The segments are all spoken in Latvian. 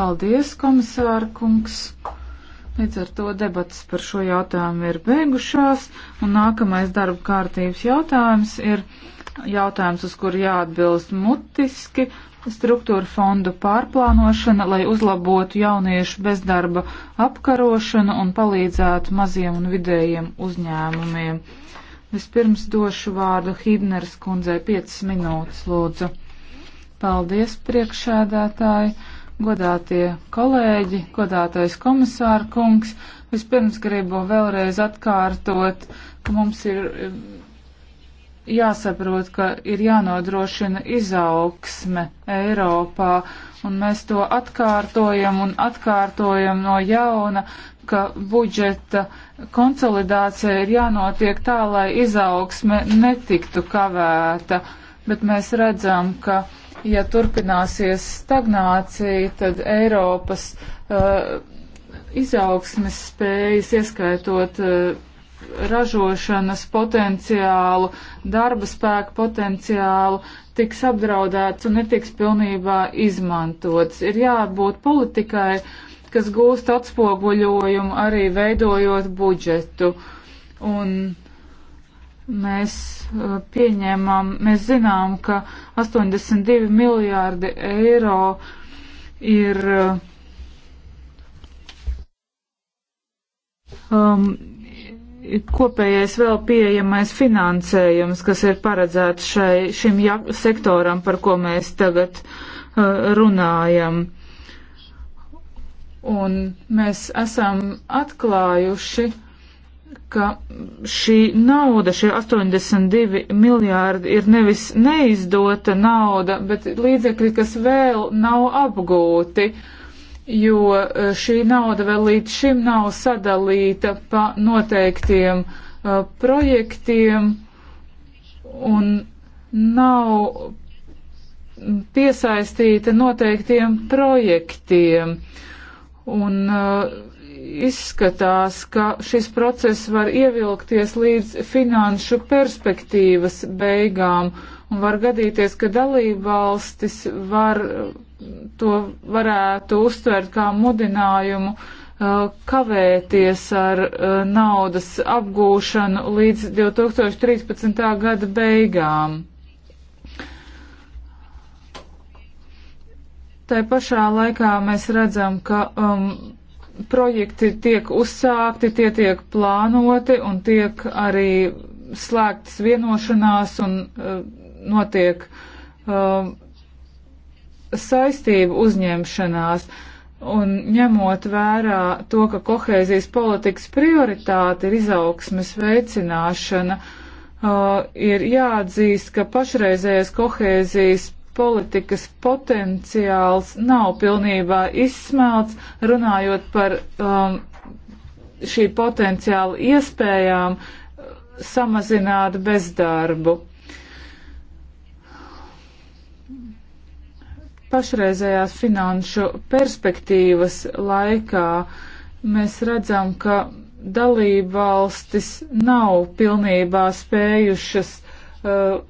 Paldies, komisāra kungs. Līdz ar to debatas par šo jautājumu ir beigušās, un nākamais darba kārtības jautājums ir jautājums, uz kuru jāatbilst mutiski - struktūra fondu pārplānošana, lai uzlabotu jauniešu bezdarba apkarošanu un palīdzētu maziem un vidējiem uzņēmumiem. Vispirms došu vārdu Hidneres kundzei 5 minūtes, lūdzu. Paldies, priekšēdētāji! godātie kolēģi, godātais komisāra kungs. Vispirms gribu vēlreiz atkārtot, ka mums ir um, jāsaprot, ka ir jānodrošina izaugsme Eiropā, un mēs to atkārtojam un atkārtojam no jauna, ka budžeta konsolidācija ir jānotiek tā, lai izaugsme netiktu kavēta, bet mēs redzam, ka ja turpināsies stagnācija, tad Eiropas uh, izaugsmes spējas, ieskaitot uh, ražošanas potenciālu, darba spēku potenciālu, tiks apdraudēts un netiks pilnībā izmantots. Ir jābūt politikai, kas gūst atspoguļojumu arī veidojot budžetu. Un, uh, mēs uh, pieņēmām, mēs zinām, ka 82 miljārdi eiro ir uh, um, kopējais vēl pieejamais finansējums, kas ir paredzēts šai, šim ja, sektoram, par ko mēs tagad uh, runājam. Un mēs esam atklājuši, uh, ka šī nauda, šie 82 miljārdi ir nevis neizdota nauda, bet līdzekļi, kas vēl nav apgūti, jo e, šī nauda vēl līdz šim nav sadalīta pa noteiktiem uh, projektiem un nav piesaistīta noteiktiem projektiem. Un, uh, izskatās, ka šis process var ievilkties līdz finanšu perspektīvas beigām un var gadīties, ka dalībvalstis var mm, to varētu uztvert kā mudinājumu uh, kavēties ar uh, naudas apgūšanu līdz 2013. gada beigām. Tā pašā laikā mēs redzam, ka um, projekti tiek uzsākti, tie tiek plānoti un tiek arī slēgtas vienošanās un uh, notiek uh, eh, saistību uzņemšanās. Un ņemot vērā to, ka kohēzijas politikas prioritāte ir izaugsmes veicināšana, uh, ir jāatzīst, ka pašreizējais kohēzijas politikas potenciāls nav pilnībā izsmelts, runājot par um, šī potenciāla iespējām uh, samazināt bezdarbu. Pašreizējās finanšu perspektīvas laikā mēs redzam, ka dalība valstis nav pilnībā spējušas uh,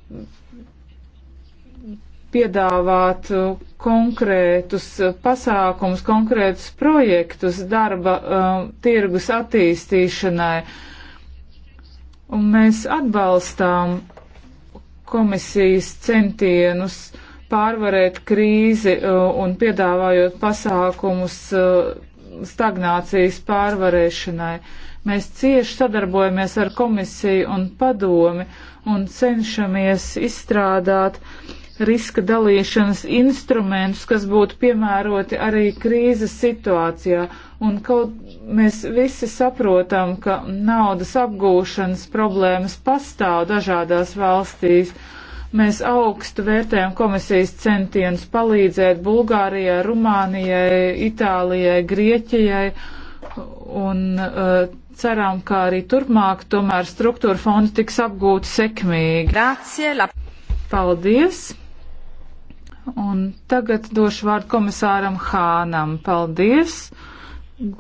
piedāvāt uh, konkrētus uh, pasākums, konkrētus projektus darba um, tirgus attīstīšanai. Un mēs atbalstām komisijas centienus pārvarēt krīzi uh, un piedāvājot pasākumus uh, stagnācijas pārvarēšanai. Mēs cieši sadarbojamies ar komisiju un padomi un cenšamies izstrādāt uh, riska dalīšanas instrumentus, kas būtu piemēroti arī krīzes situācijā. Un kaut mēs visi saprotam, ka naudas apgūšanas problēmas pastāv dažādās valstīs. Mēs augstu vērtējam komisijas centienus palīdzēt Bulgārijai, Rumānijai, Itālijai, Grieķijai un uh, ceram, ka arī turpmāk tomēr struktūra fondi tiks apgūti sekmīgi. Grācie, Paldies! Un tagad došu vārdu komisāram Hānam. Paldies,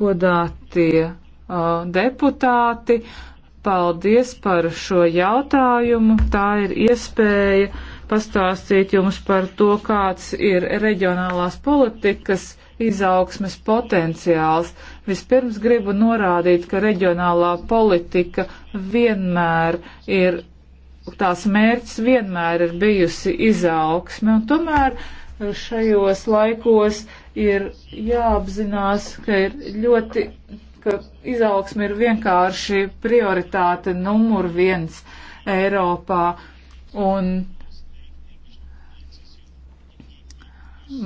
godātie uh, deputāti. Paldies par šo jautājumu. Tā ir iespēja pastāstīt jums par to, kāds ir reģionālās politikas izaugsmes potenciāls. Vispirms gribu norādīt, ka reģionālā politika vienmēr ir tās mērķis vienmēr ir bijusi izaugsme, un tomēr eh, šajos laikos ir jāapzinās, ka ir ļoti, ka izaugsme ir vienkārši prioritāte numur viens Eiropā, un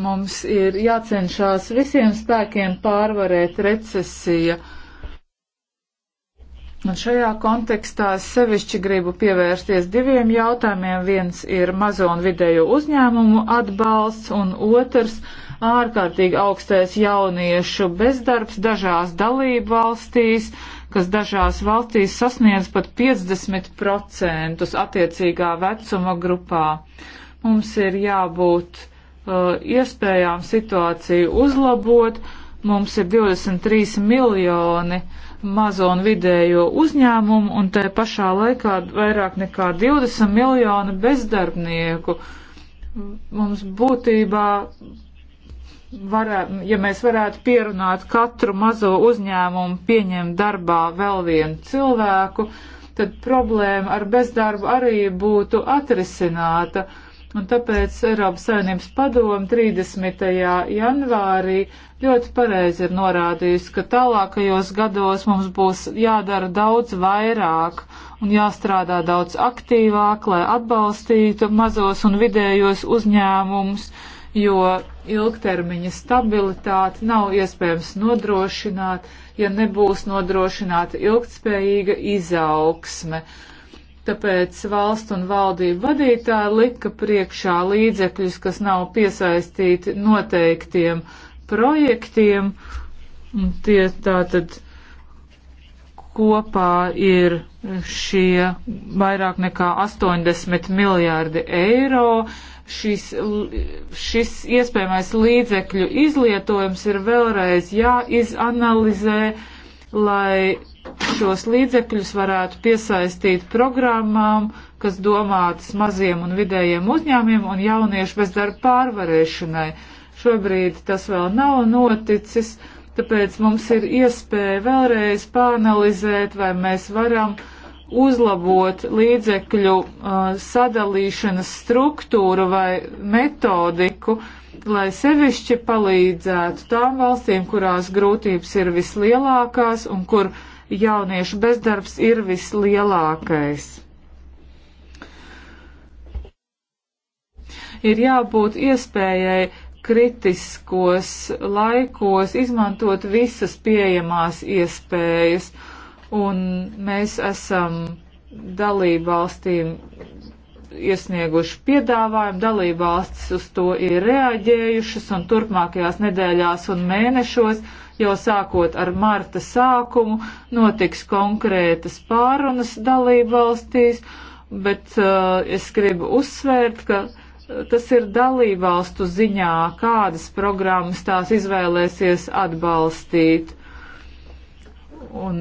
mums ir jācenšās visiem spēkiem pārvarēt recesija. Uh, Un šajā kontekstā es sevišķi gribu pievērsties diviem jautājumiem. Viens ir mazo un vidējo uzņēmumu atbalsts, un otrs - ārkārtīgi augstais jauniešu bezdarbs dažās dalību valstīs, kas dažās valstīs sasniedz pat 50% attiecīgā vecuma grupā. Mums ir jābūt uh, iespējām situāciju uzlabot Mums ir 23 miljoni mazo un vidējo uzņēmumu un te pašā laikā vairāk nekā 20 miljoni bezdarbnieku. Mums būtībā, varē, ja mēs varētu pierunāt katru mazo uzņēmumu pieņemt darbā vēl vienu cilvēku, tad problēma ar bezdarbu arī būtu atrisināta Un tāpēc Eiropas Savienības padoma 30. janvārī ļoti pareizi ir norādījusi, ka tālākajos gados mums būs jādara daudz vairāk un jāstrādā daudz aktīvāk, lai atbalstītu mazos un vidējos uzņēmumus, jo ilgtermiņa stabilitāti nav iespējams nodrošināt, ja nebūs nodrošināta ilgtspējīga izaugsme. Uh, Tāpēc valsts un valdību vadītāji lika priekšā līdzekļus, kas nav piesaistīti noteiktiem projektiem. Un tie tātad kopā ir šie vairāk nekā 80 miljārdi eiro. Šis, šis iespējamais līdzekļu izlietojums ir vēlreiz jāizanalizē, lai šos līdzekļus varētu piesaistīt programmām, kas domātas maziem un vidējiem uzņēmiem un jauniešu bezdarba pārvarēšanai. Šobrīd tas vēl nav noticis, tāpēc mums ir iespēja vēlreiz pāanalizēt, vai mēs varam uzlabot līdzekļu uh, sadalīšanas struktūru vai metodiku, lai sevišķi palīdzētu tām valstīm, kurās grūtības ir vislielākās un kur uh, jauniešu bezdarbs ir vislielākais. Ir jābūt iespējai kritiskos laikos izmantot visas pieejamās iespējas, un mēs esam dalībvalstīm iesnieguši piedāvājumu, dalībvalstis uz to ir reaģējušas, un turpmākajās nedēļās un mēnešos jo sākot ar marta sākumu notiks konkrētas pārunas dalību valstīs, bet uh, es gribu uzsvērt, ka uh, tas ir dalību valstu ziņā, kādas programmas tās izvēlēsies atbalstīt. Un,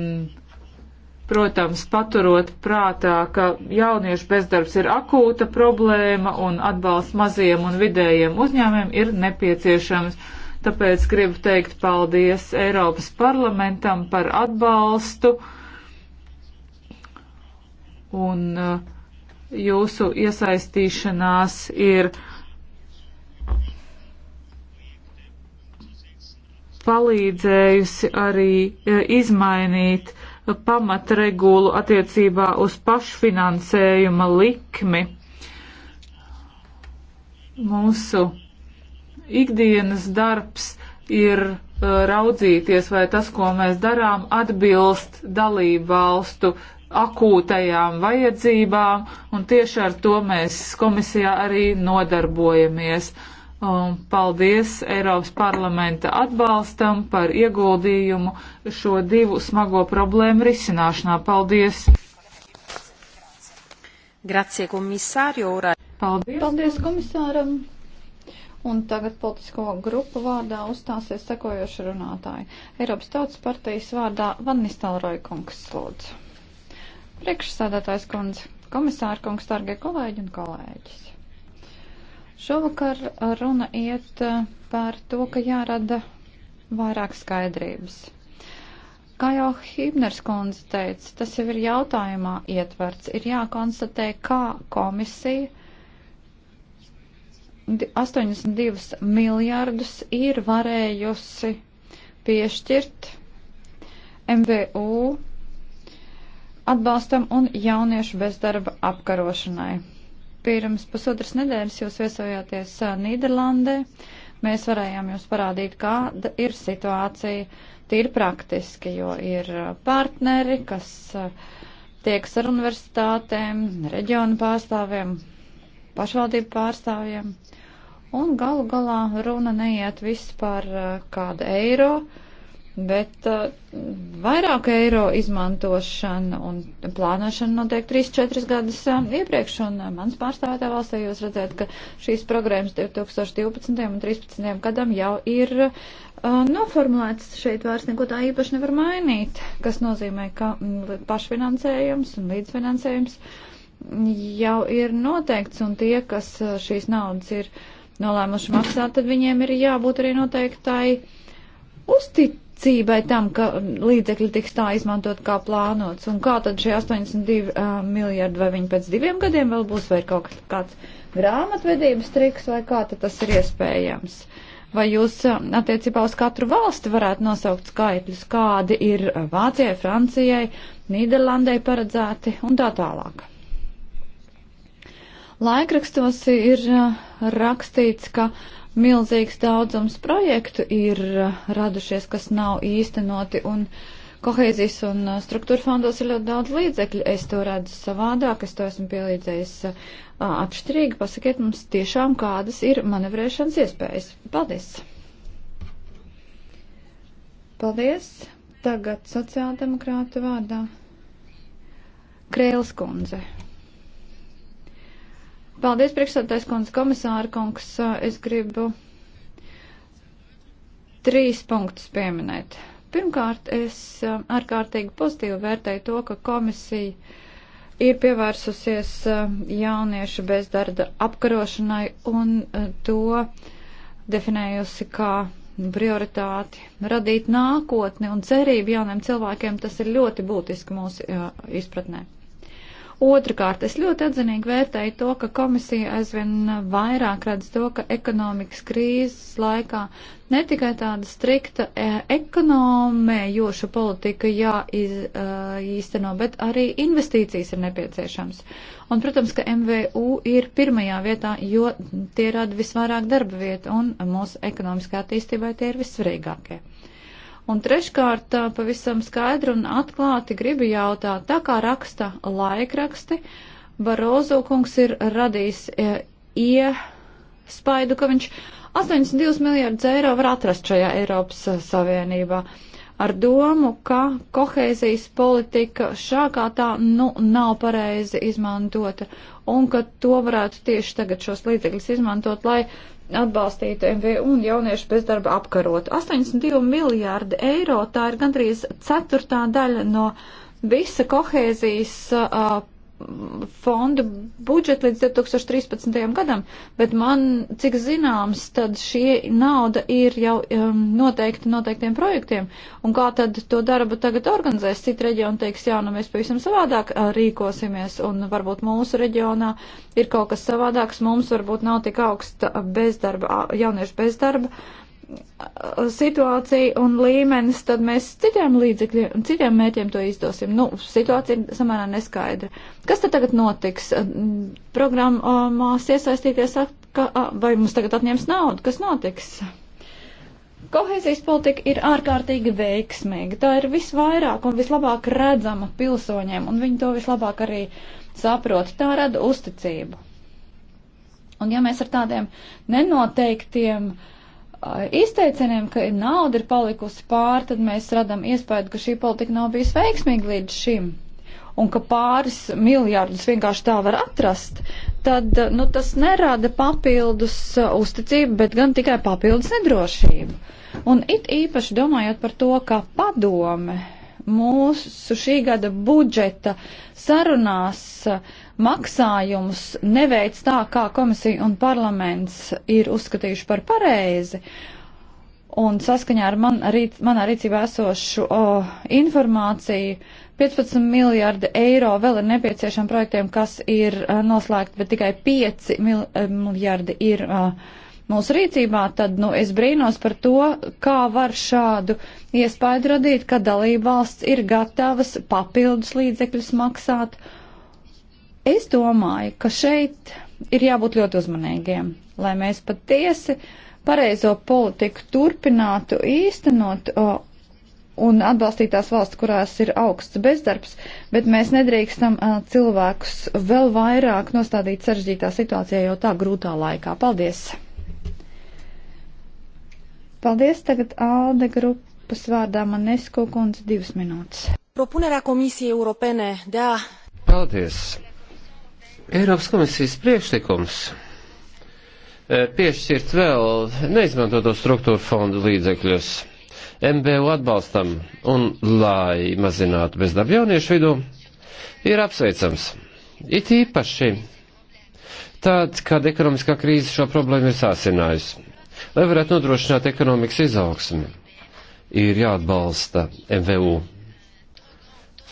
protams, paturot prātā, ka jauniešu bezdarbs ir akūta problēma un atbalsts maziem un vidējiem uzņēmiem ir nepieciešams. Tāpēc gribu teikt paldies Eiropas parlamentam par atbalstu un uh, jūsu iesaistīšanās ir palīdzējusi arī uh, izmainīt pamatregulu attiecībā uz pašfinansējuma likmi. Mūsu ikdienas darbs ir uh, raudzīties, vai tas, ko mēs darām, atbilst dalību valstu akūtajām vajadzībām, un tieši ar to mēs komisijā arī nodarbojamies. Un um, paldies Eiropas parlamenta atbalstam par ieguldījumu šo divu smago problēmu risināšanā. Paldies! Grazie, komisāri, ora. Paldies. Paldies komisāram. Un tagad politisko grupu vārdā uzstāsies sekojoši runātāji. Eiropas Tautas partijas vārdā Vannistālroja kungs lūdzu. Priekšsādātājs kundze, komisāra kungs, targie kolēģi un kolēģis. Šovakar runa iet eh, par to, ka jārada vairāk skaidrības. Kā jau Hībners kundze teica, tas jau ir jautājumā ietverts. Ir jākonstatē, kā komisija 82 miljārdus ir varējusi piešķirt MVU atbalstam un jauniešu bezdarba apkarošanai. Pirms pusotras nedēļas jūs viesojāties Nīderlandē. Mēs varējām jums parādīt, kāda ir situācija tīri praktiski, jo ir partneri, kas tieks ar universitātēm, reģionu pārstāvjiem, pašvaldību pārstāvjiem. Un galu galā runa neiet viss par eh, kādu eiro, bet eh, vairāk eiro izmantošana un plānošana notiek 3-4 gadus eh, iepriekš. Un mans pārstāvētā valstī jūs redzēt, ka šīs programmas 2012. un 2013. gadam jau ir noformulēts šeit vairs neko tā īpaši nevar mainīt, kas nozīmē, ka mm, pašfinansējums un līdzfinansējums uh, jau ir noteikts, un tie, kas eh, šīs naudas ir nolēmuši maksāt, tad viņiem ir jābūt arī noteiktai uzticībai tam, ka līdzekļi tiks tā izmantot kā plānots. Un kā tad šie 82 uh, eh, miljardi, vai viņi pēc diviem gadiem vēl būs, vai kaut kāds grāmatvedības triks, vai kā tad tas ir iespējams? Vai jūs eh, attiecībā uz katru valsti varētu nosaukt skaitļus, kādi ir Vācijai, Francijai, Nīderlandai paredzēti un tā tālāk? Laikrakstos ir rakstīts, ka milzīgs daudzums projektu ir radušies, kas nav īstenoti, un kohēzijas un struktūra fondos ir ļoti daudz līdzekļu. Es to redzu savādāk, es to esmu pielīdzējis atšķirīgi. Pasakiet mums tiešām, kādas ir manevrēšanas iespējas. Paldies! Paldies! Tagad sociāldemokrāta vārdā Krēls kundze. Paldies, priekšsēdētājs kundze, komisāra kungs. Es gribu trīs punktus pieminēt. Pirmkārt, es um, ārkārtīgi pozitīvi vērtēju to, ka komisija ir pievērsusies um, jauniešu bezdarda apkarošanai un uh, to definējusi kā prioritāti. Radīt nākotni un cerību jauniem cilvēkiem, tas ir ļoti būtiski mūsu uh, izpratnē. Uh, Otrakārt, es ļoti atzinīgi vērtēju to, ka komisija aizvien vairāk redz to, ka ekonomikas krīzes laikā ne tikai tāda strikta e, ekonomējoša politika jāīsteno, e, bet arī investīcijas ir nepieciešams. Un, protams, ka MVU ir pirmajā vietā, jo tie rada visvairāk darba vietu un mūsu ekonomiskā attīstībai tie ir vissvarīgākie. Un treškārt, pavisam skaidri un atklāti gribu jautāt, tā kā raksta laikraksti, Barozo kungs ir radījis iespaidu, ka viņš 82 miljardus eiro var atrast šajā Eiropas Savienībā. Ar domu, ka kohēzijas politika šā kā tā nu, nav pareizi izmantota un ka to varētu tieši tagad šos līdzekļus izmantot, lai atbalstītu MVU un jauniešu bezdarba apkarot. 82 miljārdi eiro, tā ir gandrīz ceturtā daļa no visa kohēzijas uh, fonda budžetu līdz 2013. gadam, bet man, cik zināms, tad šī nauda ir jau um, noteikti noteiktiem projektiem. Un kā tad to darbu tagad organizēs? Citi reģioni teiks, jā, nu mēs pavisam savādāk uh, rīkosimies, un varbūt mūsu reģionā ir kaut kas savādāks, mums varbūt nav tik augsta bezdarba, jauniešu bezdarba. Uh, situācija un līmenis, tad mēs citiem līdzekļiem un citiem mērķiem to izdosim. Nu, situācija ir samērā neskaidra. Kas tad tagad notiks? Programmās iesaistīties vai mums tagad atņems naudu? Kas notiks? Kohēzijas politika ir ārkārtīgi veiksmīga. Tā ir visvairāk un vislabāk redzama pilsoņiem, un viņi to vislabāk arī saprot. Tā rada uzticību. Un ja mēs ar tādiem nenoteiktiem uh, izteicieniem, ka nauda ir palikusi pār, tad mēs radam iespēju, ka šī politika nav bijusi veiksmīga līdz šim. Un ka pāris miljārdus vienkārši tā var atrast, tad nu, tas nerada papildus uh, uzticību, bet gan tikai papildus nedrošību. Un it īpaši domājot par to, ka padome mūsu šī gada budžeta sarunās uh, maksājumus neveic tā, kā komisija un parlaments ir uzskatījuši par pareizi. Un saskaņā ar man, rīt, manā rīcībā esošu o, informāciju 15 miljārdi eiro vēl ir nepieciešami projektiem, kas ir a, noslēgti, bet tikai 5 mil, a, miljardi ir a, mūsu rīcībā, tad nu, es brīnos par to, kā var šādu iespēju radīt, ka dalībvalsts ir gatavas papildus līdzekļus maksāt. Uh, Es domāju, ka šeit ir jābūt ļoti uzmanīgiem, lai mēs patiesi pareizo politiku turpinātu īstenot un atbalstīt tās valsts, kurās ir augsts bezdarbs, bet mēs nedrīkstam cilvēkus vēl vairāk nostādīt sarežģītā situācijā jau tā grūtā laikā. Paldies! Paldies tagad Alde grupas vārdā Manesko kundze divas minūtes. Propunerea Comisiei Europene de a... Paldies! Eiropas komisijas priekšlikums eh, piešķirt vēl neizmantoto struktūru fondu līdzekļus MBU atbalstam un lai mazinātu bezdarbu jauniešu vidū, ir apsveicams. It īpaši tad, kad ekonomiskā krīze šo problēmu ir sāsinājusi. Lai varētu nodrošināt ekonomikas izaugsmi, ir jāatbalsta MVU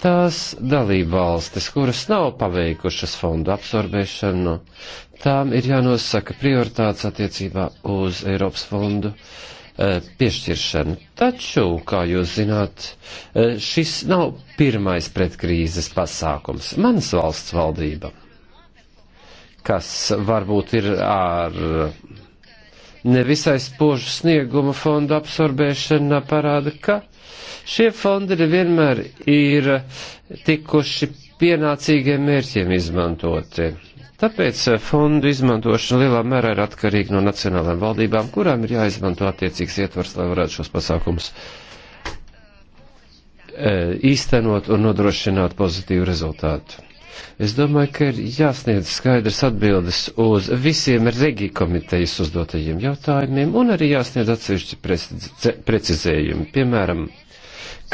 tās dalībvalstis, kuras nav paveikušas fondu absorbēšanu, tām ir jānosaka prioritātes attiecībā uz Eiropas fondu eh, piešķiršanu. Taču, kā jūs zināt, eh, šis nav pirmais pretkrīzes pasākums. Manas valsts valdība, kas varbūt ir ar nevisai spožu snieguma fondu absorbēšana, parāda, ka Šie fondi vienmēr ir tikuši pienācīgiem mērķiem izmantoti. Tāpēc fondu izmantošana lielā mērā ir atkarīga no nacionālām valdībām, kurām ir jāizmanto attiecīgs ietvars, lai varētu šos pasākumus e, īstenot un nodrošināt pozitīvu rezultātu. Es domāju, ka ir jāsniedz skaidrs atbildes uz visiem regī komitejas uzdotajiem jautājumiem un arī jāsniedz atsevišķi precizējumi. Piemēram,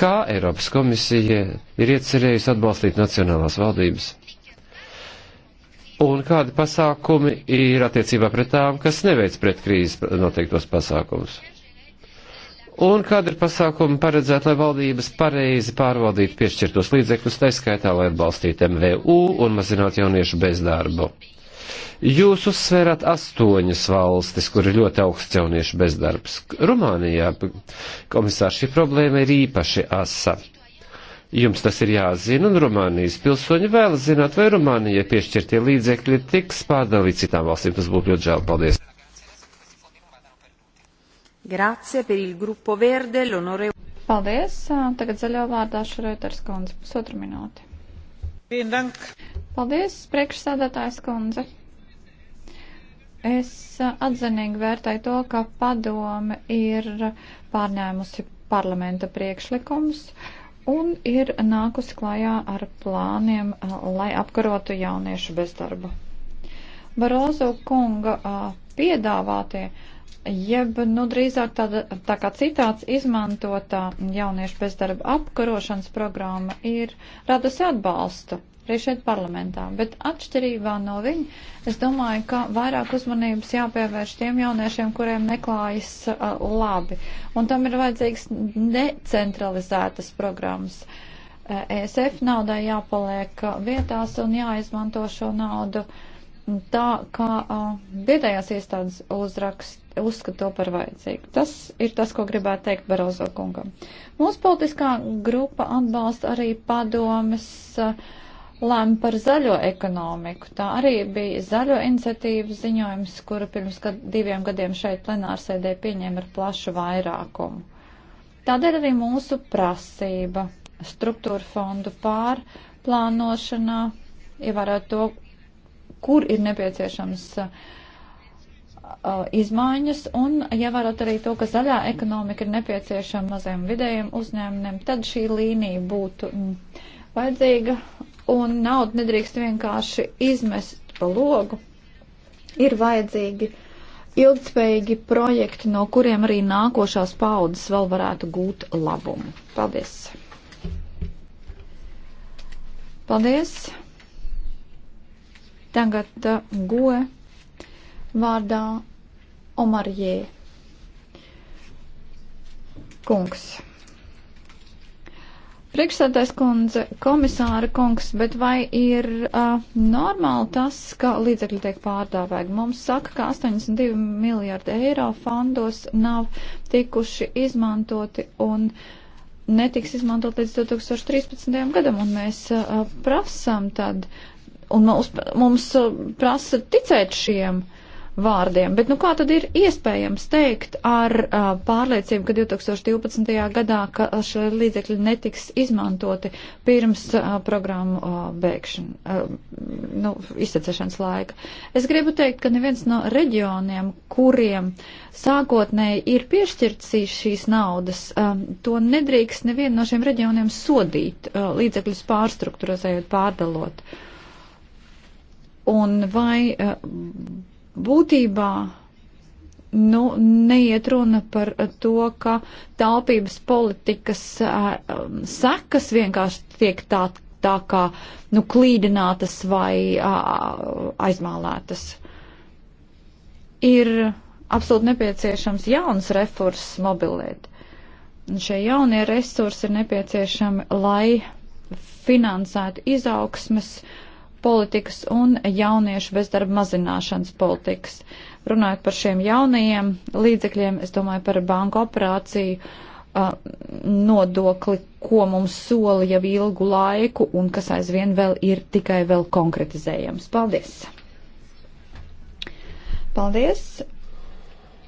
kā Eiropas komisija ir iecerējusi atbalstīt nacionālās valdības? Un kādi pasākumi ir attiecībā pret tām, kas neveic pret krīzes noteiktos pasākumus? Un kāda ir pasākuma paredzēta, lai valdības pareizi pārvaldītu piešķirtos līdzekļus, tā skaitā, lai atbalstītu MVU un mazinātu jauniešu bezdarbu? Jūs uzsverat astoņas valstis, kur ir ļoti augsts jauniešu bezdarbs. Rumānijā, komisār, šī problēma ir īpaši asa. Jums tas ir jāzina, un Rumānijas pilsoņi vēlas zināt, vai Rumānijai piešķirtie līdzekļi tiks pārdalīti citām valstīm. Tas būtu ļoti žēl. Paldies! Grazie per il gruppo verde, l'onore. Paldies. Tagad zaļo vārdā Šreiters kundze. Pusotru minūti. Paldies, priekšsādātājs kundze. Es uh, atzinīgi vērtēju to, ka padome ir pārņēmusi parlamenta priekšlikums un ir nākusi klajā ar plāniem, uh, lai apkarotu jauniešu bezdarbu. Barozo kunga uh, piedāvātie jeb, nu, drīzāk tāda, tā kā citāts izmantotā jauniešu bezdarba apkarošanas programma ir radusi atbalstu arī šeit parlamentā. Bet atšķirībā no viņa, es domāju, ka vairāk uzmanības jāpievērš tiem jauniešiem, kuriem neklājas uh, labi. Un tam ir vajadzīgs necentralizētas programmas. ESF naudai jāpaliek vietās un jāizmanto šo naudu uh, tā kā vietējās iestādes uzrakst, uzskata to par vajadzīgu. Tas ir tas, ko gribētu teikt Barozo kungam. Mūsu politiskā grupa atbalsta arī padomes lēma par zaļo ekonomiku. Tā arī bija zaļo iniciatīvas ziņojums, kuru pirms gad, diviem gadiem šeit plenārsēdē pieņēma ar plašu vairākumu. Tādēļ arī mūsu prasība struktūra fondu pārplānošanā ievērot to, kur ir nepieciešams uh, izmaiņas un ievērot arī to, ka zaļā ekonomika ir nepieciešama mazajiem vidējiem uzņēmumiem, tad šī līnija būtu mm, vajadzīga un naudu nedrīkst vienkārši izmest pa logu. Ir vajadzīgi ilgspējīgi projekti, no kuriem arī nākošās paudzes vēl varētu gūt labumu. Paldies! Paldies! Tagad uh, goe vārdā Omarjē. Kungs. Priekšsēdājs kundze, komisāra kungs, bet vai ir uh, normāli tas, ka līdzekļi tiek pārdāvēti? Mums saka, ka 82 miljārdi eiro fondos nav tikuši izmantoti un netiks izmantot līdz 2013. gadam, un mēs uh, prasam tad Un mums, mums uh, prasa ticēt šiem vārdiem. Bet nu, kā tad ir iespējams teikt ar uh, pārliecību, ka 2012. gadā ka uh, šie līdzekļi netiks izmantoti pirms uh, programmu uh, beigšana, uh, nu, izcešanas laika? Es gribu teikt, ka neviens no reģioniem, kuriem sākotnēji ir piešķirts šīs naudas, uh, to nedrīkst nevienu no šiem reģioniem sodīt uh, līdzekļus pārstruktūrizējot, pārdalot. Uh, Un vai eh, būtībā nu, neiet runa par to, ka taupības politikas eh, sekas vienkārši tiek tā, tā kā nu, klīdinātas vai eh, aizmālētas. Ir absolūti nepieciešams jauns resurss mobilēt. Un šie jaunie resursi ir nepieciešami, lai finansētu izaugsmes uh, politikas un jauniešu bezdarba mazināšanas politikas. Runājot par šiem jaunajiem līdzekļiem, es domāju par banku operāciju uh, nodokli, ko mums soli jau ilgu laiku un kas aizvien vēl ir tikai vēl konkretizējams. Paldies! Paldies!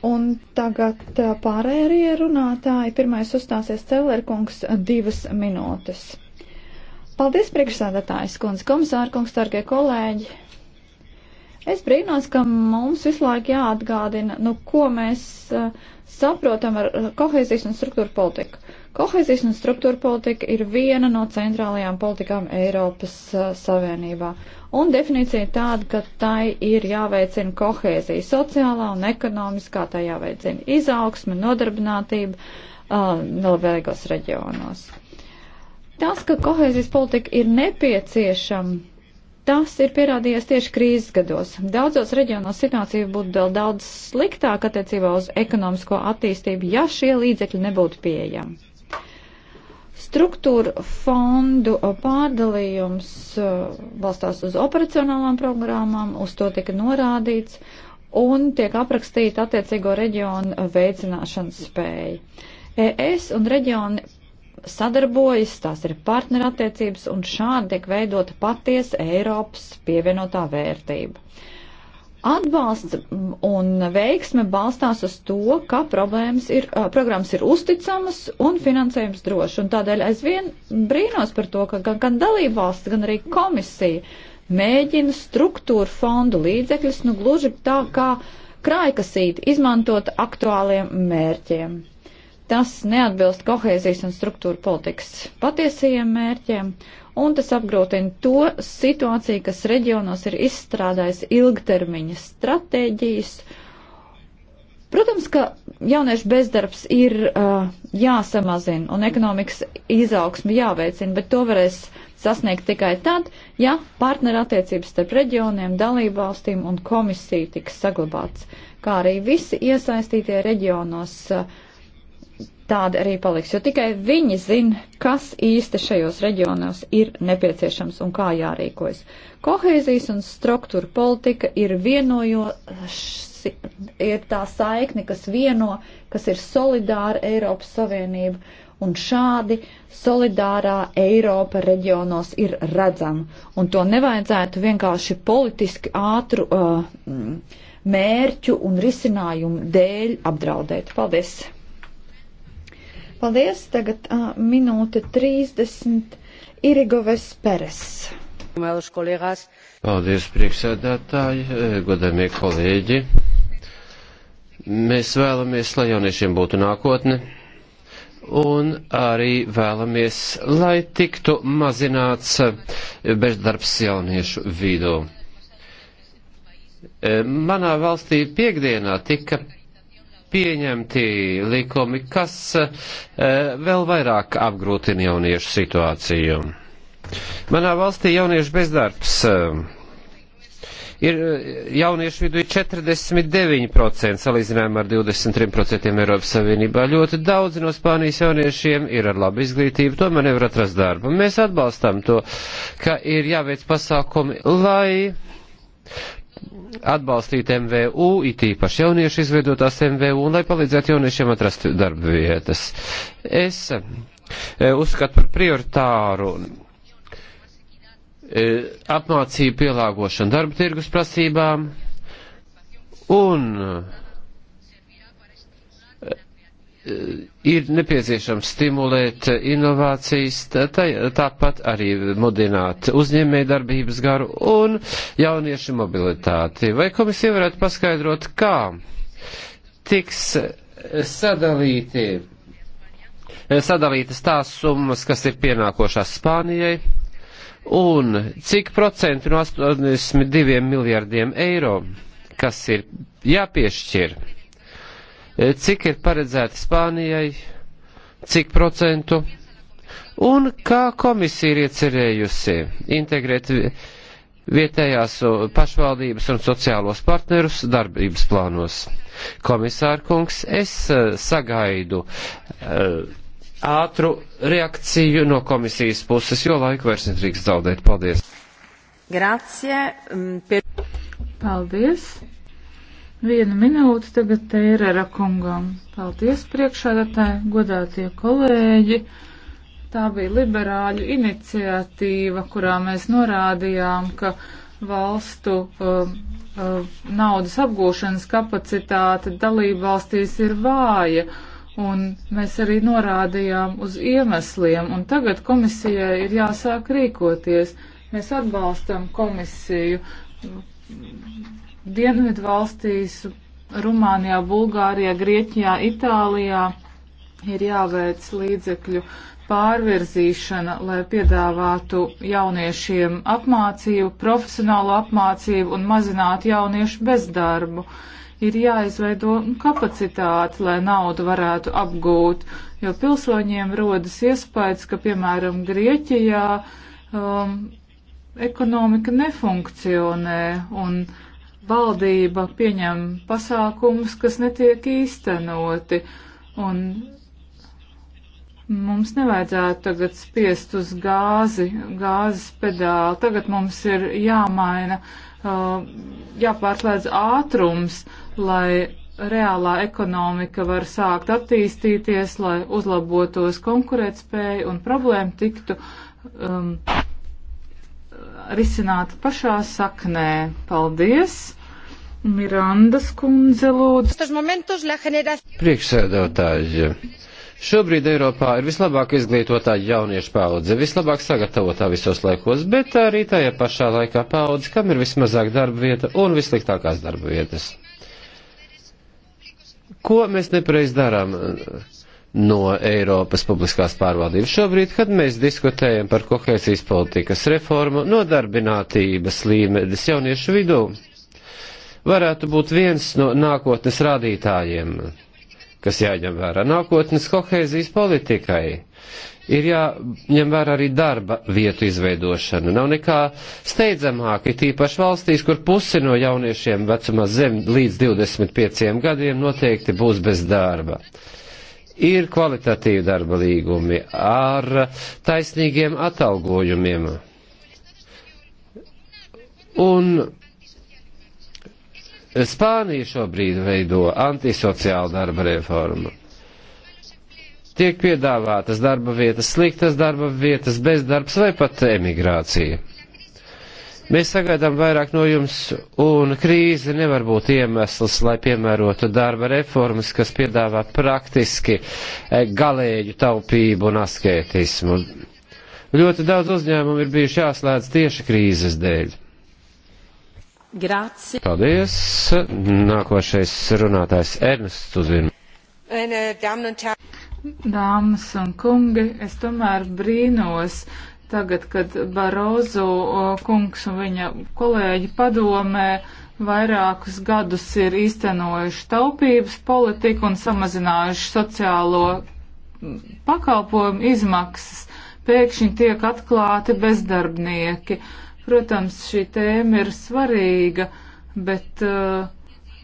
Un tagad pārējie runātāji. Pirmais uzstāsies Celerkungs divas minūtes. Paldies, priekšsēdētājs kundze, komisāra kungs, targie kolēģi. Es brīnos, ka mums visu laiku jāatgādina, nu, ko mēs uh, saprotam ar uh, kohēzijas un struktūra politiku. Kohēzijas un struktūra politika ir viena no centrālajām politikām Eiropas uh, Savienībā. Un definīcija ir tāda, ka tai ir jāveicina kohēzija sociālā un ekonomiskā, tai jāveicina izaugsme, nodarbinātība uh, nelabvēlīgos reģionos. Tas, ka kohēzijas politika ir nepieciešama, tas ir pierādījies tieši krīzes gados. Daudzos reģionos situācija būtu vēl daudz sliktāka attiecībā uz ekonomisko attīstību, ja šie līdzekļi nebūtu pieejami. Struktūra fondu pārdalījums uh, balstās uz operacionālām programmām, uz to tika norādīts un tiek aprakstīta attiecīgo reģionu veicināšanas spēja. ES un reģioni sadarbojas, tās ir partnerattiecības, un šādi tiek veidota patiesa Eiropas pievienotā vērtība. Atbalsts un veiksme balstās uz to, ka problēmas ir, programmas ir uzticamas un finansējums drošs. Un tādēļ aizvien brīnos par to, ka gan, gan dalībvalsts, gan arī komisija mēģina struktūru fondu līdzekļus, nu gluži tā kā krājkasīti, izmantot aktuāliem mērķiem. Tas neatbilst kohēzijas un struktūra politikas patiesajiem mērķiem, un tas apgrūtina to situāciju, kas reģionos ir izstrādājis ilgtermiņa stratēģijas. Protams, ka jauniešu bezdarbs ir uh, jāsamazina un ekonomikas izaugsme jāveicina, bet to varēs sasniegt tikai tad, ja partnerattiecības starp reģioniem, dalībvalstīm un komisiju tiks saglabāts, kā arī visi iesaistītie reģionos uh, tāda arī paliks, jo tikai viņi zina, kas īsti šajos reģionos ir nepieciešams un kā jārīkojas. Kohēzijas un struktūra politika ir vienojoši, ir tā saikne, kas vieno, kas ir solidāra Eiropas Savienība, un šādi solidārā Eiropa reģionos ir redzama, un to nevajadzētu vienkārši politiski ātru uh, mērķu un risinājumu dēļ apdraudēt. Paldies! Paldies. Tagad uh, minūte 30. Irigoves Peres. Paldies, priekšsēdētāji, godamie kolēģi. Mēs vēlamies, lai jauniešiem būtu nākotne, un arī vēlamies, lai tiktu mazināts bezdarbs jauniešu vidū. Manā valstī piekdienā tika pieņemti likumi, kas eh, vēl vairāk apgrūtina jauniešu situāciju. Manā valstī jauniešu bezdarbs eh, ir eh, jauniešu vidū ir 49%, salīdzinājumā ar 23% Eiropas Savienībā. Ļoti daudzi no Spānijas jauniešiem ir ar labu izglītību, tomēr nevar atrast darbu. Mēs atbalstam to, ka ir jāveic pasākumi, lai atbalstīt MVU, it īpaši jauniešu izveidotās MVU, un lai palīdzētu jauniešiem atrast darba vietas. Es eh, uzskatu par prioritāru eh, apmācību pielāgošanu darba tirgus prasībām un Eh, ir nepieciešams stimulēt inovācijas, tāpat arī mudināt uzņēmēju darbības garu un jauniešu mobilitāti. Vai komisija varētu paskaidrot, kā tiks sadalīti, eh, sadalītas tās summas, kas ir pienākošās Spānijai? Un cik procenti no 82 miljardiem eiro, kas ir jāpiešķir? cik ir paredzēti Spānijai, cik procentu, un kā komisija ir iecerējusi integrēt vietējās pašvaldības un sociālos partnerus darbības plānos. Komisārkungs, es eh, sagaidu eh, ātru reakciju no komisijas puses, jo laiku vairs nedrīkst zaudēt. Paldies! Grazie! Mm, Paldies! Vienu minūti tagad te ir ar kungam. Paldies priekšādātāji, godātie kolēģi. Tā bija liberāļu iniciatīva, kurā mēs norādījām, ka valstu uh, uh, naudas apgūšanas kapacitāte dalību valstīs ir vāja, un mēs arī norādījām uz iemesliem, un tagad komisijai ir jāsāk rīkoties. Mēs atbalstam komisiju Dienvidu valstīs, Rumānijā, Bulgārijā, Grieķijā, Itālijā ir jāveic līdzekļu pārvirzīšana, lai piedāvātu jauniešiem apmācību, profesionālu apmācību un mazinātu jauniešu bezdarbu. Ir jāizveido kapacitāti, lai naudu varētu apgūt, jo pilsoņiem rodas iespējas, ka, piemēram, Grieķijā um, ekonomika nefunkcionē un uh, valdība pieņem pasākumus, kas netiek īstenoti. Un mums nevajadzētu tagad spiest uz gāzi, gāzes pedāli. Tagad mums ir jāmaina, uh, jāpārslēdz ātrums, lai reālā ekonomika var sākt attīstīties, lai uzlabotos konkurētspēja un problēma tiktu um, risināta pašā saknē. Paldies! Mirandas kundze lūdzu. Priekšsēdētāji. Šobrīd Eiropā ir vislabāk izglītotā jauniešu paudze, vislabāk sagatavotā visos laikos, bet arī tajā pašā laikā paudze, kam ir vismazāk darba vieta un vissliktākās darba vietas. Ko mēs nepareiz darām no Eiropas publiskās pārvaldības šobrīd, kad mēs diskutējam par kohēzijas politikas reformu, nodarbinātības līmenis jauniešu vidū? varētu būt viens no nākotnes rādītājiem, kas jāņem vērā. Nākotnes kohēzijas politikai ir jāņem vērā arī darba vietu izveidošana. Nav nekā steidzamāk, ir tīpaši valstīs, kur pusi no jauniešiem vecumā zem līdz 25 gadiem noteikti būs bez darba ir kvalitatīvi darba līgumi ar taisnīgiem atalgojumiem. Un Spānija šobrīd veido antisociālu darba reformu. Tiek piedāvātas darba vietas, sliktas darba vietas, bezdarbs vai pat emigrācija. Mēs sagaidām vairāk no jums, un krīze nevar būt iemesls, lai piemērotu darba reformas, kas piedāvā praktiski eh, galēju taupību un askētismu. Ļoti daudz uzņēmumu ir bijuši jāslēdz tieši krīzes dēļ. Grāci. Paldies. Nākošais runātājs Ernsts Uzvinu. Dāmas un kungi, es tomēr brīnos tagad, kad Barozo kungs un viņa kolēģi padomē vairākus gadus ir īstenojuši taupības politiku un samazinājuši sociālo pakalpojumu izmaksas, pēkšņi tiek atklāti bezdarbnieki. Uh, Protams, šī tēma ir svarīga, bet uh,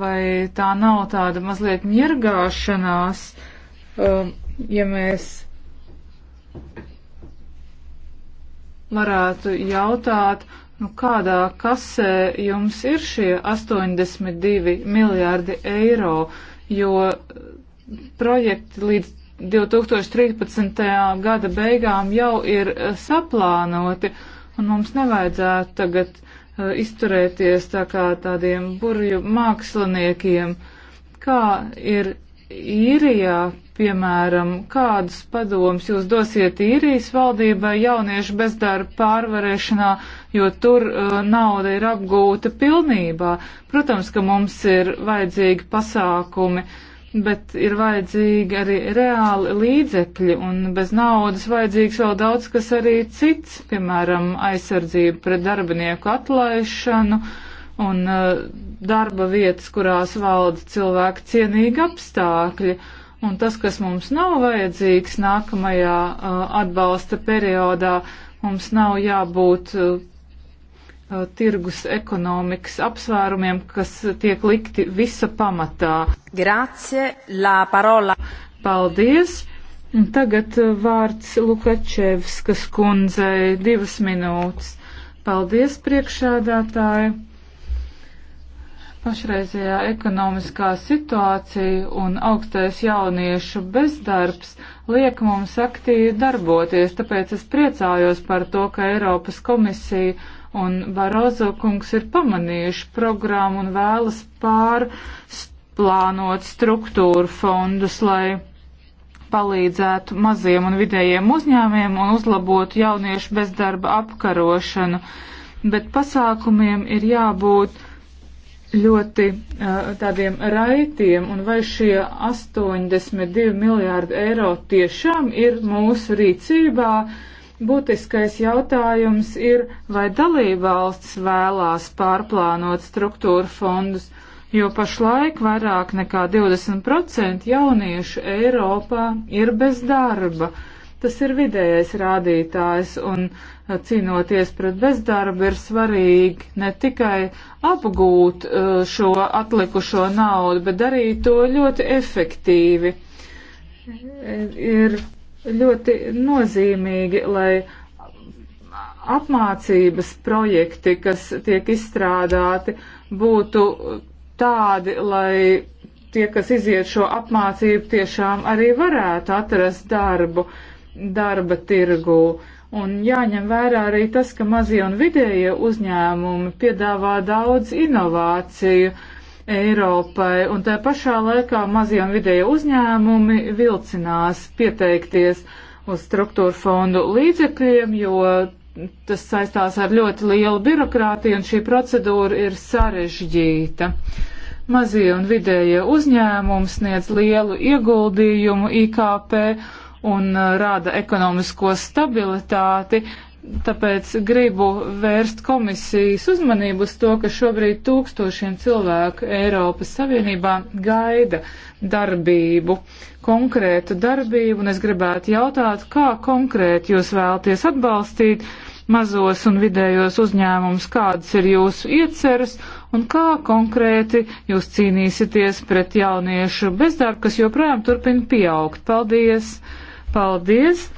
vai tā nav tāda mazliet ņirgāšanās, uh, ja mēs varētu jautāt, nu kādā kasē jums ir šie 82 miljārdi eiro, jo projekti līdz 2013. gada beigām jau ir saplānoti. Uh, un mums nevajadzētu tagad uh, izturēties tā kā tādiem burju māksliniekiem, kā ir īrijā, piemēram, kādus padomus jūs dosiet īrijas valdībai jauniešu bezdarba pārvarēšanā, jo tur uh, nauda ir apgūta pilnībā. Protams, ka mums ir vajadzīgi pasākumi. Uh, bet ir vajadzīgi arī reāli līdzekļi, un bez naudas vajadzīgs vēl daudz kas arī cits, piemēram, aizsardzība pret darbinieku atlaišanu un uh, darba vietas, kurās valda cilvēku cienīgi apstākļi. Un tas, kas mums nav vajadzīgs nākamajā uh, atbalsta periodā, mums nav jābūt uh, Uh, tirgus ekonomikas apsvērumiem, kas tiek likti visa pamatā. Grazie, la parola. Paldies. Un tagad uh, vārds Lukačevskas kundzei divas minūtes. Paldies, priekšādātāji. Pašreizējā ekonomiskā situācija un augstais jauniešu bezdarbs liek mums aktīvi darboties, tāpēc es priecājos par to, ka Eiropas komisija un Barozo kungs ir pamanījuši programmu un vēlas pārplānot struktūru fondus, lai palīdzētu maziem un vidējiem uzņēmiem un uzlabotu jauniešu bezdarba apkarošanu. Bet pasākumiem ir jābūt ļoti eh, tādiem raitiem, un vai šie 82 miljārdi eiro tiešām ir mūsu rīcībā, uh, Būtiskais jautājums ir, vai dalībvalsts vēlās pārplānot struktūra fondus, jo pašlaik vairāk nekā 20% jauniešu Eiropā ir bez darba. Tas ir vidējais rādītājs un cīnoties pret bezdarbu ir svarīgi ne tikai apgūt uh, šo atlikušo naudu, bet darīt to ļoti efektīvi. Ir ļoti nozīmīgi, lai apmācības projekti, kas tiek izstrādāti, būtu tādi, lai tie, kas iziet šo apmācību, tiešām arī varētu atrast darbu darba tirgū. Un jāņem vērā arī tas, ka mazie un vidējie uzņēmumi piedāvā daudz inovāciju, uh, Eiropai, un tā pašā laikā mazie un vidēji uzņēmumi vilcinās pieteikties uz struktūra fondu līdzekļiem, jo tas saistās ar ļoti lielu birokrātiju, un šī procedūra ir sarežģīta. Mazie un vidējie uzņēmumi sniedz lielu ieguldījumu IKP un uh, rāda ekonomisko stabilitāti, Tāpēc gribu vērst komisijas uzmanību uz to, ka šobrīd tūkstošiem cilvēku Eiropas Savienībā gaida darbību, konkrētu darbību, un es gribētu jautāt, kā konkrēti jūs vēlties atbalstīt mazos un vidējos uzņēmumus, kādas ir jūsu ieceras un kā konkrēti jūs cīnīsieties pret jauniešu bezdarbu, kas joprojām turpina pieaugt. Paldies! Paldies!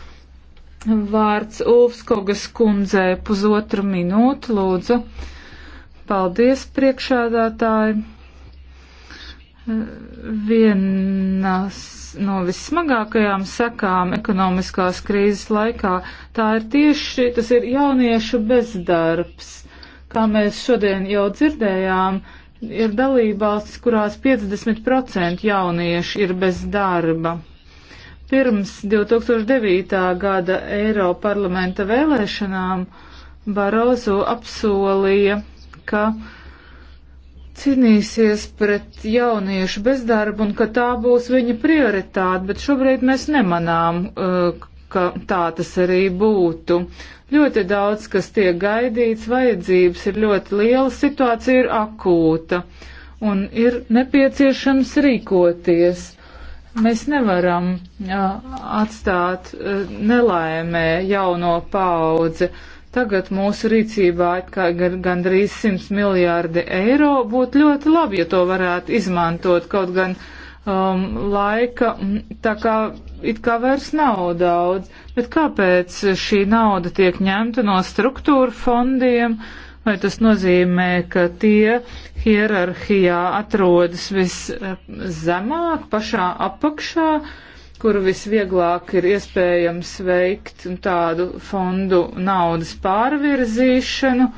Vārds Ulfskogas kundzei pusotru minūtu, lūdzu. Paldies, priekšādātāji. Vienas no vissmagākajām sekām ekonomiskās krīzes laikā tā ir tieši tas ir jauniešu bezdarbs. Kā mēs šodien jau dzirdējām, ir dalībvalstis, kurās 50% jaunieši ir bez darba. Pirms 2009. gada Eiropa parlamenta vēlēšanām Barozo apsolīja, ka cīnīsies pret jauniešu bezdarbu un ka tā būs viņa prioritāte, bet šobrīd mēs nemanām, uh, ka tā tas arī būtu. Ļoti daudz, kas tiek gaidīts, vajadzības ir ļoti liela, situācija ir akūta un ir nepieciešams rīkoties. Mēs nevaram uh, atstāt uh, nelaimē jauno paudzi. Tagad mūsu rīcībā ir gandrīz 100 miljārdi eiro. Būtu ļoti labi, ja to varētu izmantot kaut gan um, laika, tā kā it kā vairs nav daudz. Bet kāpēc šī nauda tiek ņemta no struktūra fondiem? Uh, vai tas nozīmē, ka tie hierarhijā atrodas viszemāk, eh, pašā apakšā, kuru visvieglāk ir iespējams veikt tādu fondu naudas pārvirzīšanu?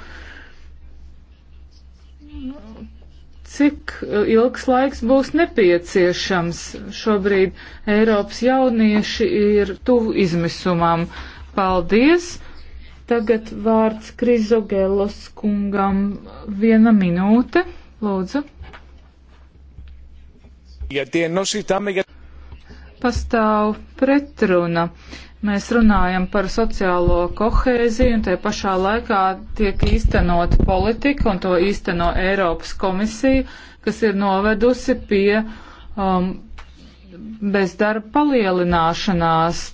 cik eh, ilgs laiks būs nepieciešams. Šobrīd Eiropas jaunieši ir tuvu izmisumam. Paldies! Tagad vārds Krizogelos kungam viena minūte, lūdzu. Pastāv pretruna. Mēs runājam par sociālo kohēziju un te pašā laikā tiek īstenot politika un to īsteno Eiropas komisija, kas ir novedusi pie um, bezdarba palielināšanās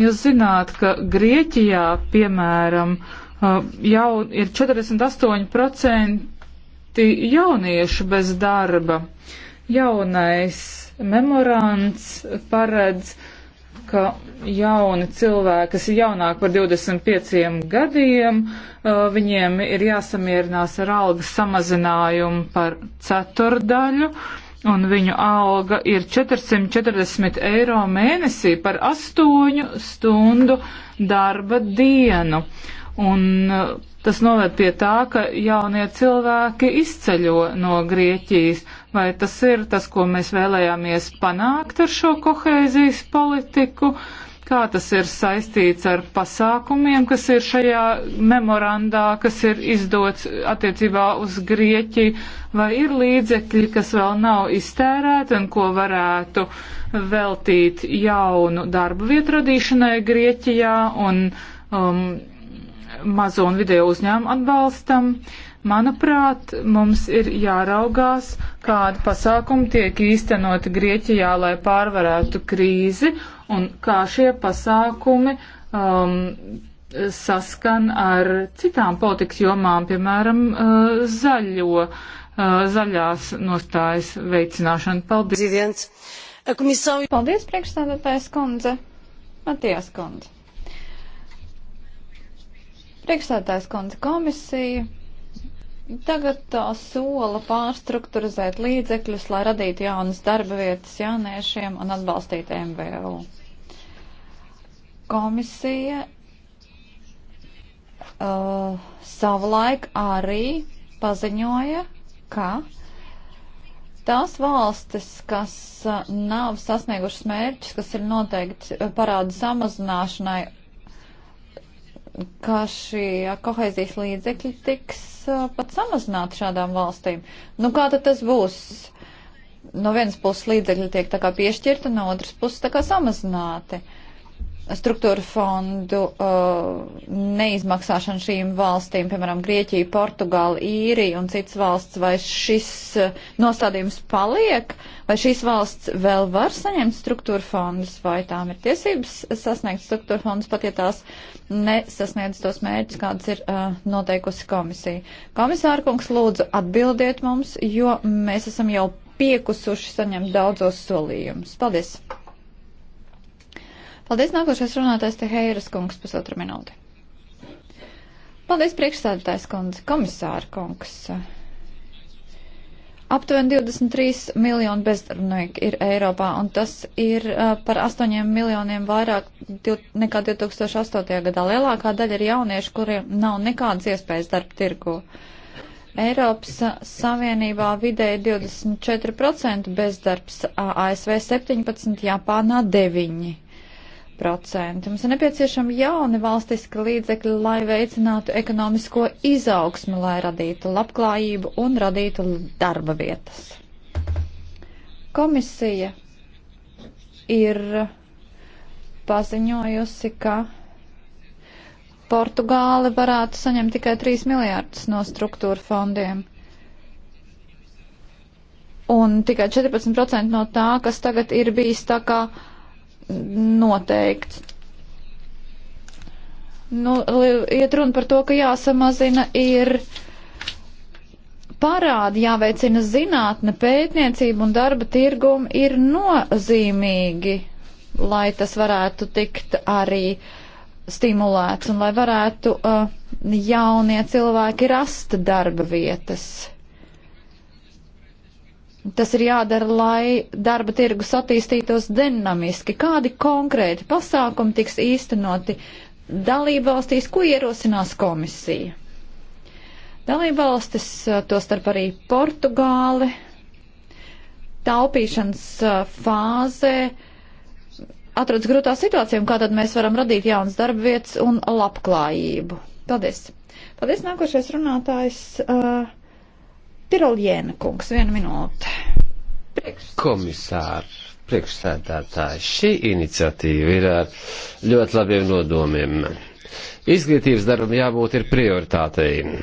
Jūs zināt, ka Grieķijā, piemēram, jau ir 48% jauniešu bez darba. Jaunais memorands paredz, ka jauni cilvēki, kas ir jaunāki par 25 gadiem, viņiem ir jāsamierinās ar algas samazinājumu par ceturdaļu. Uh, un viņu alga ir 440 eiro mēnesī par 8 stundu darba dienu. Un eh, tas noved pie tā, ka jaunie cilvēki izceļo no Grieķijas. Vai tas ir tas, ko mēs vēlējāmies panākt ar šo kohēzijas politiku? Uh, kā tas ir saistīts ar pasākumiem, kas ir šajā memorandā, kas ir izdots attiecībā uz Grieķiju, vai ir līdzekļi, kas vēl nav iztērēti un ko varētu veltīt jaunu darba vietu radīšanai Grieķijā un um, mazo un vidēju uzņēmumu atbalstam. Manuprāt, mums ir jāraugās, kāda pasākuma tiek īstenoti Grieķijā, lai pārvarētu krīzi un kā šie pasākumi um, saskan ar citām politikas jomām, piemēram, uh, zaļo, uh, zaļās nostājas veicināšanu. Paldies! Paldies, priekšstādātājs kundze! Matijas kundze! Priekšstādātājs kundze komisija Tagad tā sola pārstruktūrizēt līdzekļus, lai radītu jaunas darba vietas jauniešiem un atbalstītu MVU. Komisija uh, savulaik arī paziņoja, ka tās valstis, kas uh, nav sasniegušas mērķus, kas ir noteikti uh, parādu samazināšanai, ka šie kohēzijas līdzekļi tiks Uh, pat samazināti šādām valstīm. Nu, kā tad tas būs? No vienas puses līdzekļi tiek tā kā piešķirta, no otras puses tā kā samazināti. Uh, struktūra fondu uh, neizmaksāšanu šīm valstīm, piemēram, Grieķija, Portugāla, Īrija un citas valsts, vai šis uh, nostādījums paliek, vai šīs valsts vēl var saņemt struktūra fondus, vai tām ir tiesības sasniegt struktūra fondus, pat ja tās nesasniedz tos mērķus, kādas ir uh, noteikusi komisija. Komisārkungs, lūdzu, atbildiet mums, jo mēs esam jau piekusuši saņemt daudzos solījumus. Paldies! Paldies, nākošais runātājs te Heiras kungs, pusotru minūti. Paldies, priekšstādātājs kundze, komisāra kungs. Aptuveni 23 miljoni bezdarbnieku ir Eiropā, un tas ir uh, par 8 miljoniem vairāk div, nekā 2008. gadā. Lielākā daļa ir jaunieši, kuriem nav nekādas iespējas darba tirgu. Eiropas Savienībā vidēji 24% bezdarbs, ASV 17, Japānā 9 procenti. Mums ir nepieciešami jauni valstiski līdzekļi, lai veicinātu ekonomisko izaugsmu, lai radītu labklājību un radītu darba vietas. Komisija ir paziņojusi, ka Portugāli varētu saņemt tikai 3 miljārdus no struktūra fondiem. Un tikai 14% no tā, kas tagad ir bijis tā kā uh, noteikts. Nu, iet runa par to, ka jāsamazina ir parādi, jāveicina zinātne, pētniecība un darba tirgum ir nozīmīgi, lai tas varētu tikt arī stimulēts un lai varētu uh, jaunie cilvēki rast darba vietas. Tas ir jādara, lai darba tirgus attīstītos dinamiski. Kādi konkrēti pasākumi tiks īstenoti dalībvalstīs, ko ierosinās komisija? Dalībvalstis, eh, tostarp arī Portugāli, taupīšanas eh, fāzē atrodas grūtā situācijā, un kā tad mēs varam radīt jaunas darba vietas un labklājību. Paldies! Paldies, nākošais runātājs. Uh, Tiroljiena kungs, viena minūte. Priekš. Komisārs, priekšsēdētājs, šī iniciatīva ir ar ļoti labiem nodomiem. Izglītības darbam jābūt ir prioritātei e,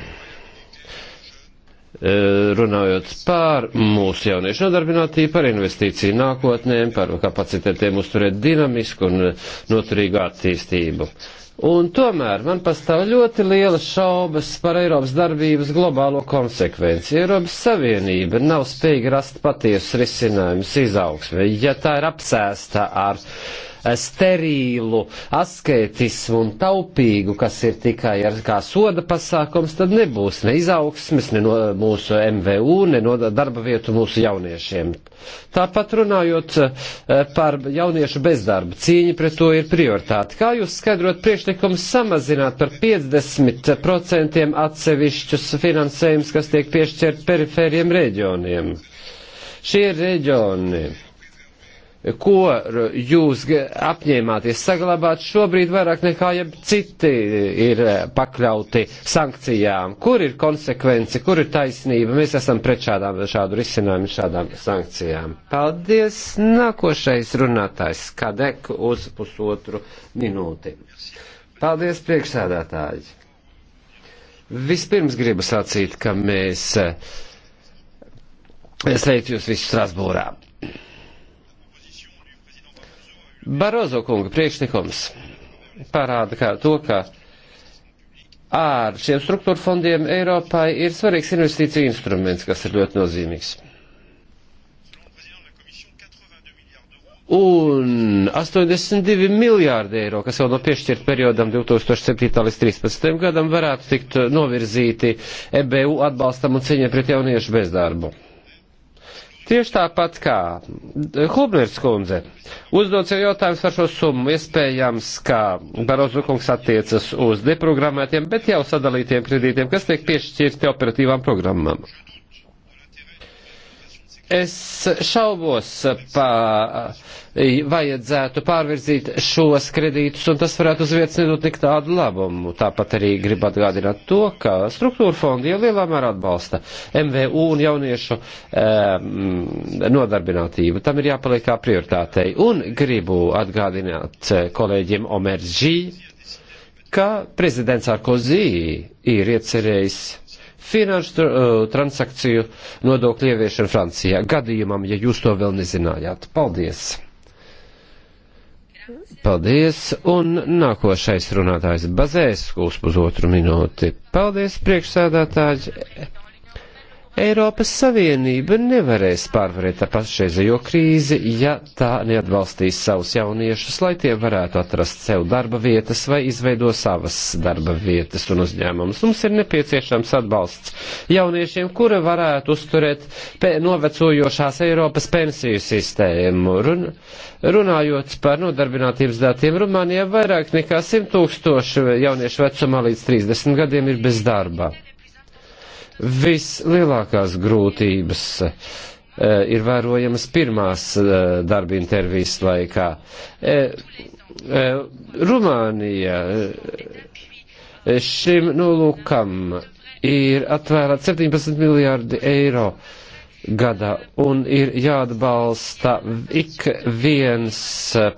runājot par mūsu jauniešu nodarbinātību, par investīciju nākotnēm, par kapacitātiem uzturēt dinamisku un noturīgu attīstību. Un tomēr man pastāv ļoti lielas šaubas par Eiropas darbības globālo konsekvenci. Eiropas Savienība nav spējīga rast patiesus risinājumus izaugsmē, ja tā ir apsēsta ar uh, sterīlu asketismu un taupīgu, kas ir tikai ar kā soda pasākums, tad nebūs ne izaugsmes, ne no mūsu MVU, ne no darba vietu mūsu jauniešiem. Tāpat runājot eh, par jauniešu bezdarbu, cīņa pret to ir prioritāte. Kā jūs skaidrot priekšlikumu samazināt par 50% atsevišķus finansējums, kas tiek piešķirt perifēriem reģioniem? Šie reģioni ko jūs apņēmāties saglabāt, šobrīd vairāk nekā jeb citi ir e, pakļauti sankcijām. Kur ir konsekvence, kur ir taisnība? Mēs esam pret šādām, šādu risinājumu, šādām sankcijām. Paldies! Nākošais runātājs Kadek uz pusotru minūti. Paldies, priekšsēdētāji! Vispirms gribu sacīt, ka mēs e, sveicu jūs visus Strasbūrā. Barozo kunga priekšlikums parāda kā to, ka ar šiem struktūra fondiem Eiropai ir svarīgs investīcija instruments, kas ir ļoti nozīmīgs. Un 82 miljārdi eiro, kas vēl no piešķirt periodam 2007. līdz 2013. gadam, varētu tikt novirzīti EBU atbalstam un cīņai pret jauniešu bezdarbu. Tieši tāpat kā eh, Hubners kundze uzdod sev jautājumus par šo summu, iespējams, ka Barozu kungs attiecas uz neprogrammētiem, bet jau sadalītiem kredītiem, kas tiek piešķirti operatīvām programmām. Es šaubos, pa, vajadzētu pārvirzīt šos kredītus, un tas varētu uz vietas nedot tik tādu labumu. Tāpat arī gribu atgādināt to, ka struktūra fondi jau lielā mērā atbalsta MVU un jauniešu um, nodarbinātību. Tam ir jāpaliek kā prioritātei. Un gribu atgādināt eh, kolēģiem Omeržī, ka prezidents Arkozī ir iecerējis finanšu uh, transakciju nodokļu ieviešanu Francijā. Gadījumam, ja jūs to vēl nezinājāt. Paldies! Paldies, un nākošais runātājs Bazēs, kūs pusotru minūti. Paldies, priekšsēdētāji! Eiropas Savienība nevarēs pārvarēt ar pašreizējo krīzi, ja tā neatbalstīs savus jauniešus, lai tie varētu atrast sev darba vietas vai izveido savas darba vietas un uzņēmumus. Mums ir nepieciešams atbalsts jauniešiem, kuri varētu uzturēt novecojošās Eiropas pensiju sistēmu. Run runājot par nodarbinātības datiem, Rumānijā vairāk nekā 100 tūkstoši jauniešu vecumā līdz 30 gadiem ir bez darba. Vislielākās grūtības e, ir vērojamas pirmās e, darba intervijas laikā. E, Rumānija šim nolūkam nu, ir atvērta 17 miljārdi eiro gadā un ir jāatbalsta ik viens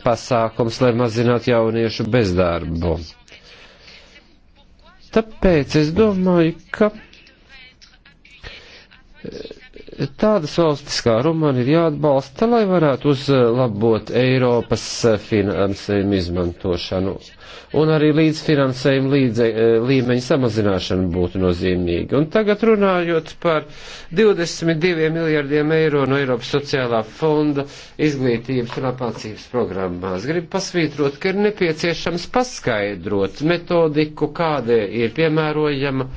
pasākums, lai mazinātu jauniešu bezdarbu. Tāpēc es domāju, ka Tādas valstis kā Rumāna ir jāatbalsta, lai varētu uzlabot Eiropas finansējumu izmantošanu. Un arī līdzfinansējumu līdze, līmeņa samazināšana būtu nozīmīga. Un tagad runājot par 22 miljardiem eiro no Eiropas sociālā fonda izglītības un apmācības programmās, gribu pasvītrot, ka ir nepieciešams paskaidrot metodiku, kāda ir piemērojama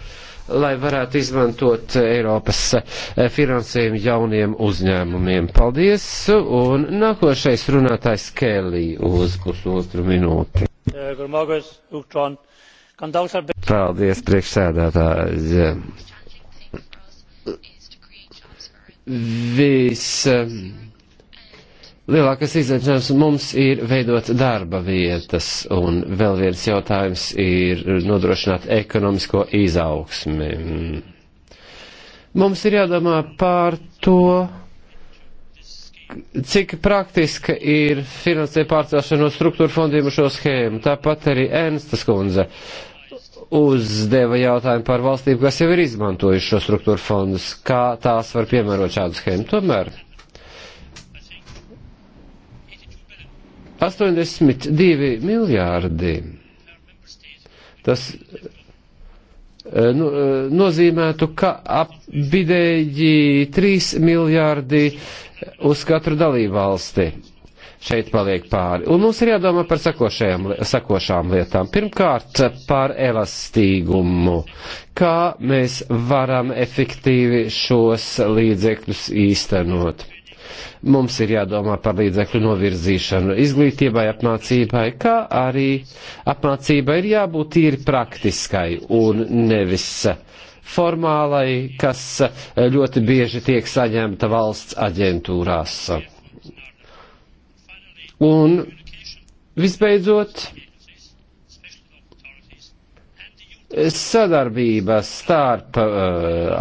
lai varētu izmantot Eiropas eh, finansējumu jauniem uzņēmumiem. Paldies, un nākošais runātājs Kēlī uz pusotru minūti. Paldies, priekšsēdētāji. Viss eh, Lielākais izaicinājums mums ir veidot darba vietas, un vēl viens jautājums ir nodrošināt ekonomisko izaugsmi. Mums ir jādomā par to, cik praktiska ir finansēja pārcelšana no struktūra fondiem uz šo schēmu. Tāpat arī Ernstas kundze uzdeva jautājumu par valstīm, kas jau ir izmantojuši šo struktūra fondus, kā tās var piemērot šādu schēmu. Tomēr 82 miljārdi. Tas eh, nu, eh, nozīmētu, ka apvidēji 3 miljārdi uz katru dalībvalsti šeit paliek pāri. Un mums ir jādomā par sakošām lietām. Pirmkārt, par elastīgumu. Kā mēs varam efektīvi šos līdzekļus īstenot? Mums ir jādomā par līdzekļu novirzīšanu izglītībai, apmācībai, kā arī apmācībai ir jābūt tīri praktiskai un nevis formālai, kas ļoti bieži tiek saņemta valsts aģentūrās. Un visbeidzot, sadarbība starp uh,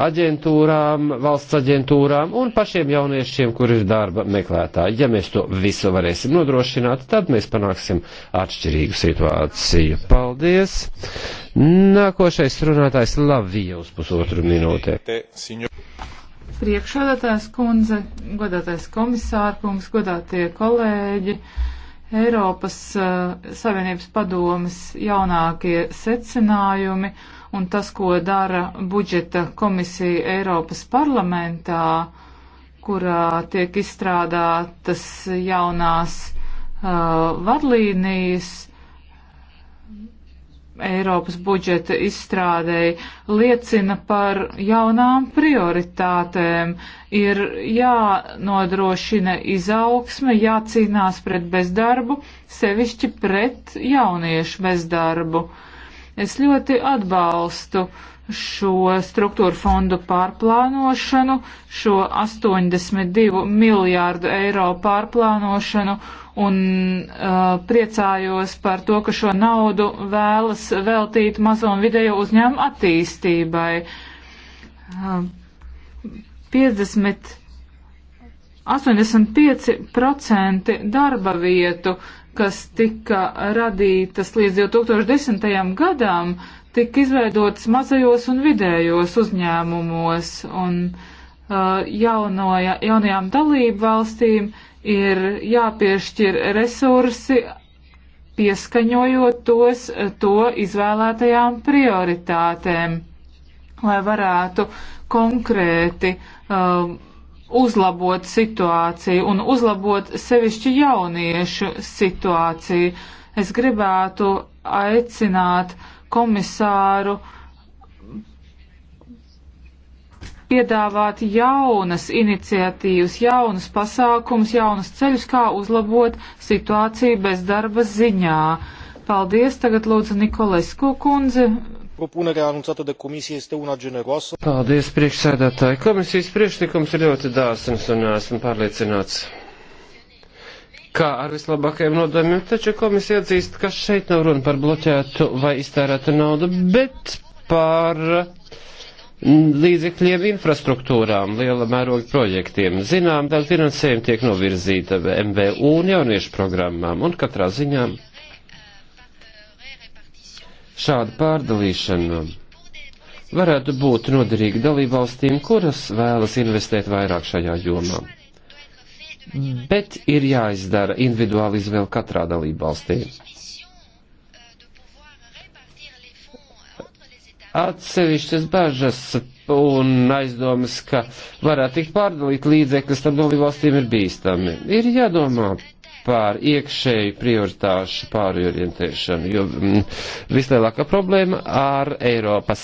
aģentūrām, valsts aģentūrām un pašiem jauniešiem, kur ir darba meklētāji. Ja mēs to visu varēsim nodrošināt, tad mēs panāksim atšķirīgu situāciju. Paldies! Nākošais runātājs Lavija uz pusotru minūti. Priekšādātājs kundze, godātais komisārkungs, godātie kolēģi. Eiropas uh, Savienības padomas jaunākie secinājumi un tas, ko dara budžeta komisija Eiropas parlamentā, kurā tiek izstrādātas jaunās uh, vadlīnijas, Eiropas budžeta izstrādēji liecina par jaunām prioritātēm. Ir jānodrošina izaugsme, jācīnās pret bezdarbu, sevišķi pret jauniešu bezdarbu. Es ļoti atbalstu šo struktūru fondu pārplānošanu, šo 82 miljārdu eiro pārplānošanu un uh, priecājos par to, ka šo naudu vēlas veltīt mazo un vidējo uzņēmumu attīstībai. Uh, 50, 85% darba vietu, kas tika radītas līdz 2010. gadam, tika izveidotas mazajos un vidējos uzņēmumos un uh, jaunoja, jaunajām dalību valstīm. Uh, ir jāpiešķir resursi, pieskaņojot tos to izvēlētajām prioritātēm, lai varētu konkrēti um, uzlabot situāciju un uzlabot sevišķi jauniešu situāciju. Es gribētu aicināt komisāru uh, piedāvāt jaunas iniciatīvas, jaunas pasākums, jaunas ceļus, kā uzlabot situāciju bezdarba ziņā. Paldies, tagad lūdzu Nikolesko kundze, propunerea anunțată de comisie este una generoasă. Paldies, priekšsēdētāji. Komisijas priekšlikums ir ļoti dāsns un esmu pārliecināts. Kā ar vislabākajiem nodomiem, taču komisija atzīst, ka šeit nav runa par bloķētu vai iztērētu naudu, bet par līdzekļiem infrastruktūrām, liela mēroga projektiem. Zinām, daļa finansējuma tiek novirzīta MVU un jauniešu programmām, un katrā ziņā šāda pārdalīšana varētu būt noderīga dalībvalstīm, kuras vēlas investēt vairāk šajā jomā. Bet ir jāizdara individuāli izvēle katrā dalībvalstī. atsevišķas bažas un aizdomas, ka varētu tikt pārdalīt līdzekļus, tad dalībvalstīm ir bīstami. Ir jādomā pār iekšēju prioritāšu pārorientēšanu, jo mm, vislielākā problēma ar Eiropas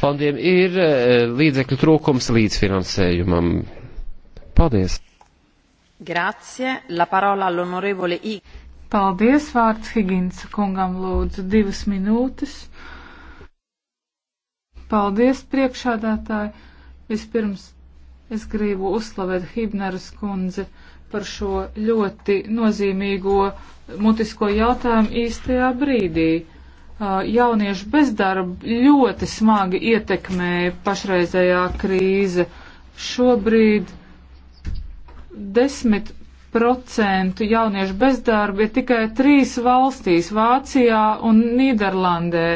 fondiem ir e, līdzekļu trūkums līdzfinansējumam. Paldies! Grazie, la parola all'onorevole I. Paldies, vārds Higgins kungam lūdzu divas minūtes. Paldies, priekšādātāji! Vispirms es gribu uzslavēt Hibneras kundzi par šo ļoti nozīmīgo mutisko jautājumu īstajā brīdī. Uh, jauniešu bezdarba ļoti smagi ietekmēja pašreizējā krīze. Šobrīd 10% jauniešu bezdarba ir tikai trīs valstīs - Vācijā un Nīderlandē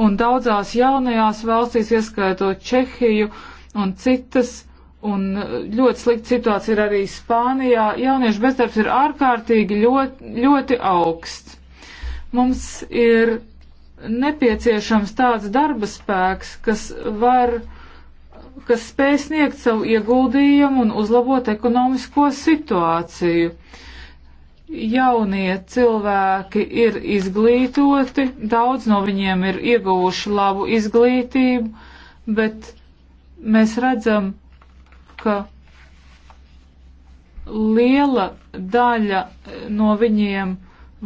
un daudzās jaunajās valstīs, ieskaitot Čehiju un citas, un e, ļoti slikta situācija ir arī Spānijā, jauniešu bezdarbs ir ārkārtīgi ļoti, ļoti augsts. Mums ir nepieciešams tāds darba spēks, kas var, kas spēj sniegt savu ieguldījumu un uzlabot ekonomisko situāciju. Uh, jaunie cilvēki ir izglītoti, daudz no viņiem ir ieguvuši labu izglītību, bet mēs redzam, ka liela daļa no viņiem,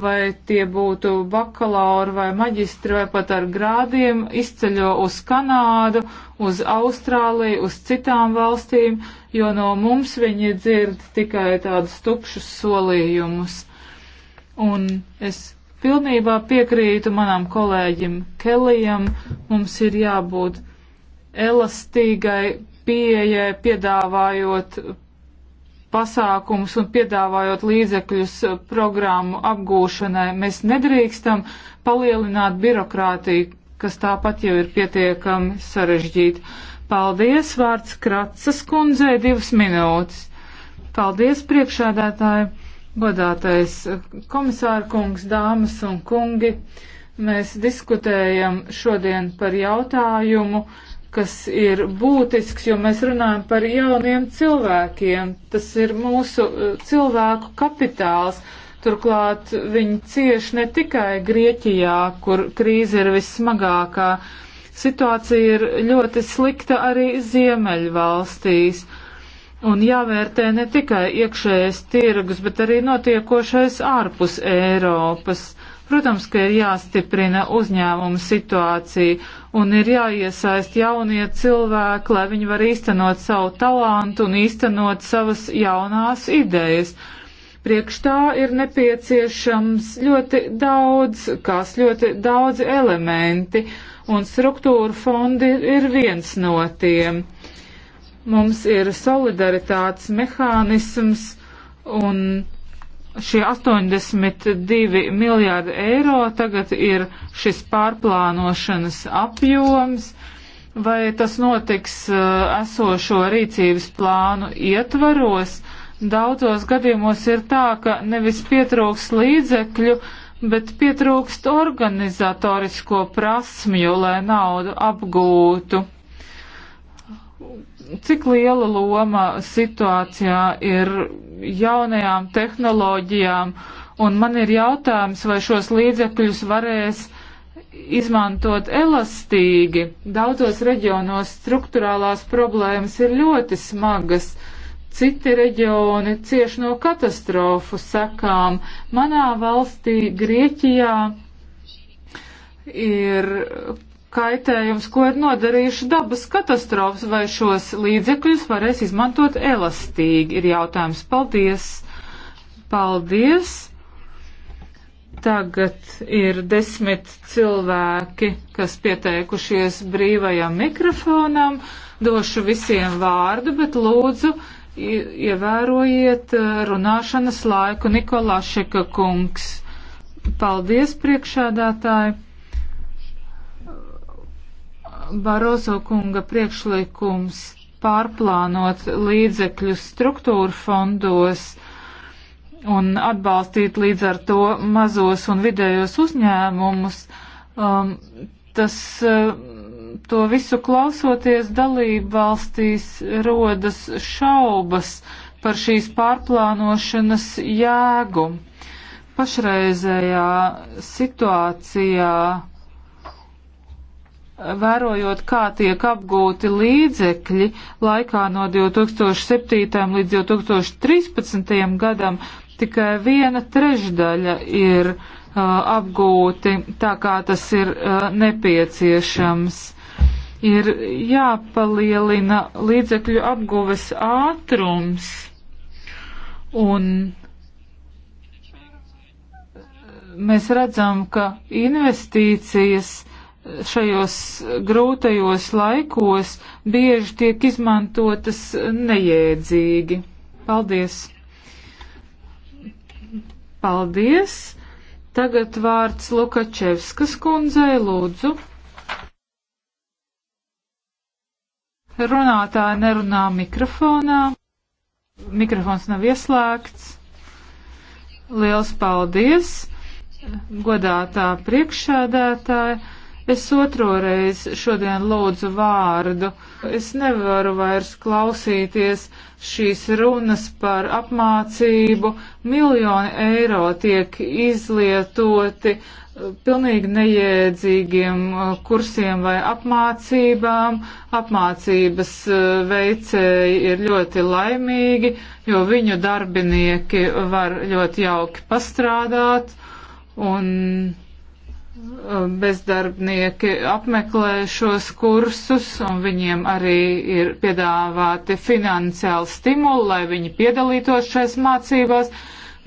vai tie būtu bakalauri vai maģistri vai pat ar grādiem, izceļo uz Kanādu, uz Austrāliju, uz citām valstīm, jo no mums viņi dzird tikai tādus tukšus solījumus. Un es pilnībā piekrītu manam kolēģim Kelijam, mums ir jābūt elastīgai pieejai, piedāvājot pasākumus un piedāvājot līdzekļus programmu apgūšanai. Mēs nedrīkstam palielināt birokrātiju, kas tāpat jau ir pietiekami sarežģīta. Paldies, vārds Kratsas kundzei, divas minūtes. Paldies, priekšādātāji, godātais komisāra kungs, dāmas un kungi. Mēs diskutējam šodien par jautājumu, kas ir būtisks, jo mēs runājam par jauniem cilvēkiem. Tas ir mūsu eh, cilvēku kapitāls. Turklāt viņi cieši ne tikai Grieķijā, kur krīze ir vissmagākā, Situācija ir ļoti slikta arī Ziemeļvalstīs. Un jāvērtē ne tikai iekšējais tirgus, bet arī notiekošais ārpus Eiropas. Protams, ka ir jāstiprina uzņēmumu situācija un ir jāiesaist jaunie cilvēki, lai viņi var īstenot savu talantu un īstenot savas jaunās idejas. Priekš tā ir nepieciešams ļoti daudz, kas ļoti daudz elementi, un struktūra fondi ir viens no tiem. Mums ir solidaritātes mehānisms un šie 82 miljārdi eiro tagad ir šis pārplānošanas apjoms. Vai tas notiks uh, esošo rīcības plānu ietvaros? Daudzos gadījumos ir tā, ka nevis pietrūks līdzekļu, uh, bet pietrūkst organizatorisko prasmju, lai naudu apgūtu. Cik liela loma situācijā ir jaunajām tehnoloģijām, un man ir jautājums, vai šos līdzekļus varēs izmantot elastīgi. Daudzos reģionos struktūrālās problēmas ir ļoti smagas Citi reģioni cieš no katastrofu sekām. Manā valstī, Grieķijā, ir kaitējums, ko ir nodarījuši dabas katastrofas, vai šos līdzekļus varēs izmantot elastīgi, ir jautājums. Paldies! Paldies! Tagad ir desmit cilvēki, kas pieteikušies brīvajam mikrofonam. Došu visiem vārdu, bet lūdzu ievērojiet uh, runāšanas laiku Nikolašeka kungs. Paldies, priekšādātāji! Barozo kunga priekšlikums pārplānot līdzekļu struktūru fondos un atbalstīt līdz ar to mazos un vidējos uzņēmumus, um, tas uh, to visu klausoties, dalību valstīs rodas šaubas par šīs pārplānošanas jēgu. Pašreizējā situācijā, vērojot, kā tiek apgūti līdzekļi laikā no 2007. līdz 2013. gadam, tikai viena trešdaļa ir uh, apgūti tā, kā tas ir uh, nepieciešams. Uh, ir jāpalielina līdzekļu apguves ātrums un mēs redzam, ka investīcijas šajos grūtajos laikos bieži tiek izmantotas nejēdzīgi. Paldies! Paldies! Tagad vārds Lukačevskas kundzei lūdzu. Runātāja nerunā mikrofonā. Mikrofons nav ieslēgts. Liels paldies, godātā priekšsēdētāja. Es otro reizi šodien lūdzu vārdu. Es nevaru vairs klausīties šīs runas par apmācību. Miljoni eiro tiek izlietoti pilnīgi neiedzīgiem uh, kursiem vai apmācībām. Apmācības uh, veicēji ir ļoti laimīgi, jo viņu darbinieki var ļoti jauki pastrādāt un uh, bezdarbnieki apmeklē šos kursus un viņiem arī ir piedāvāti finansiāli stimuli, lai viņi piedalītos šais mācībās,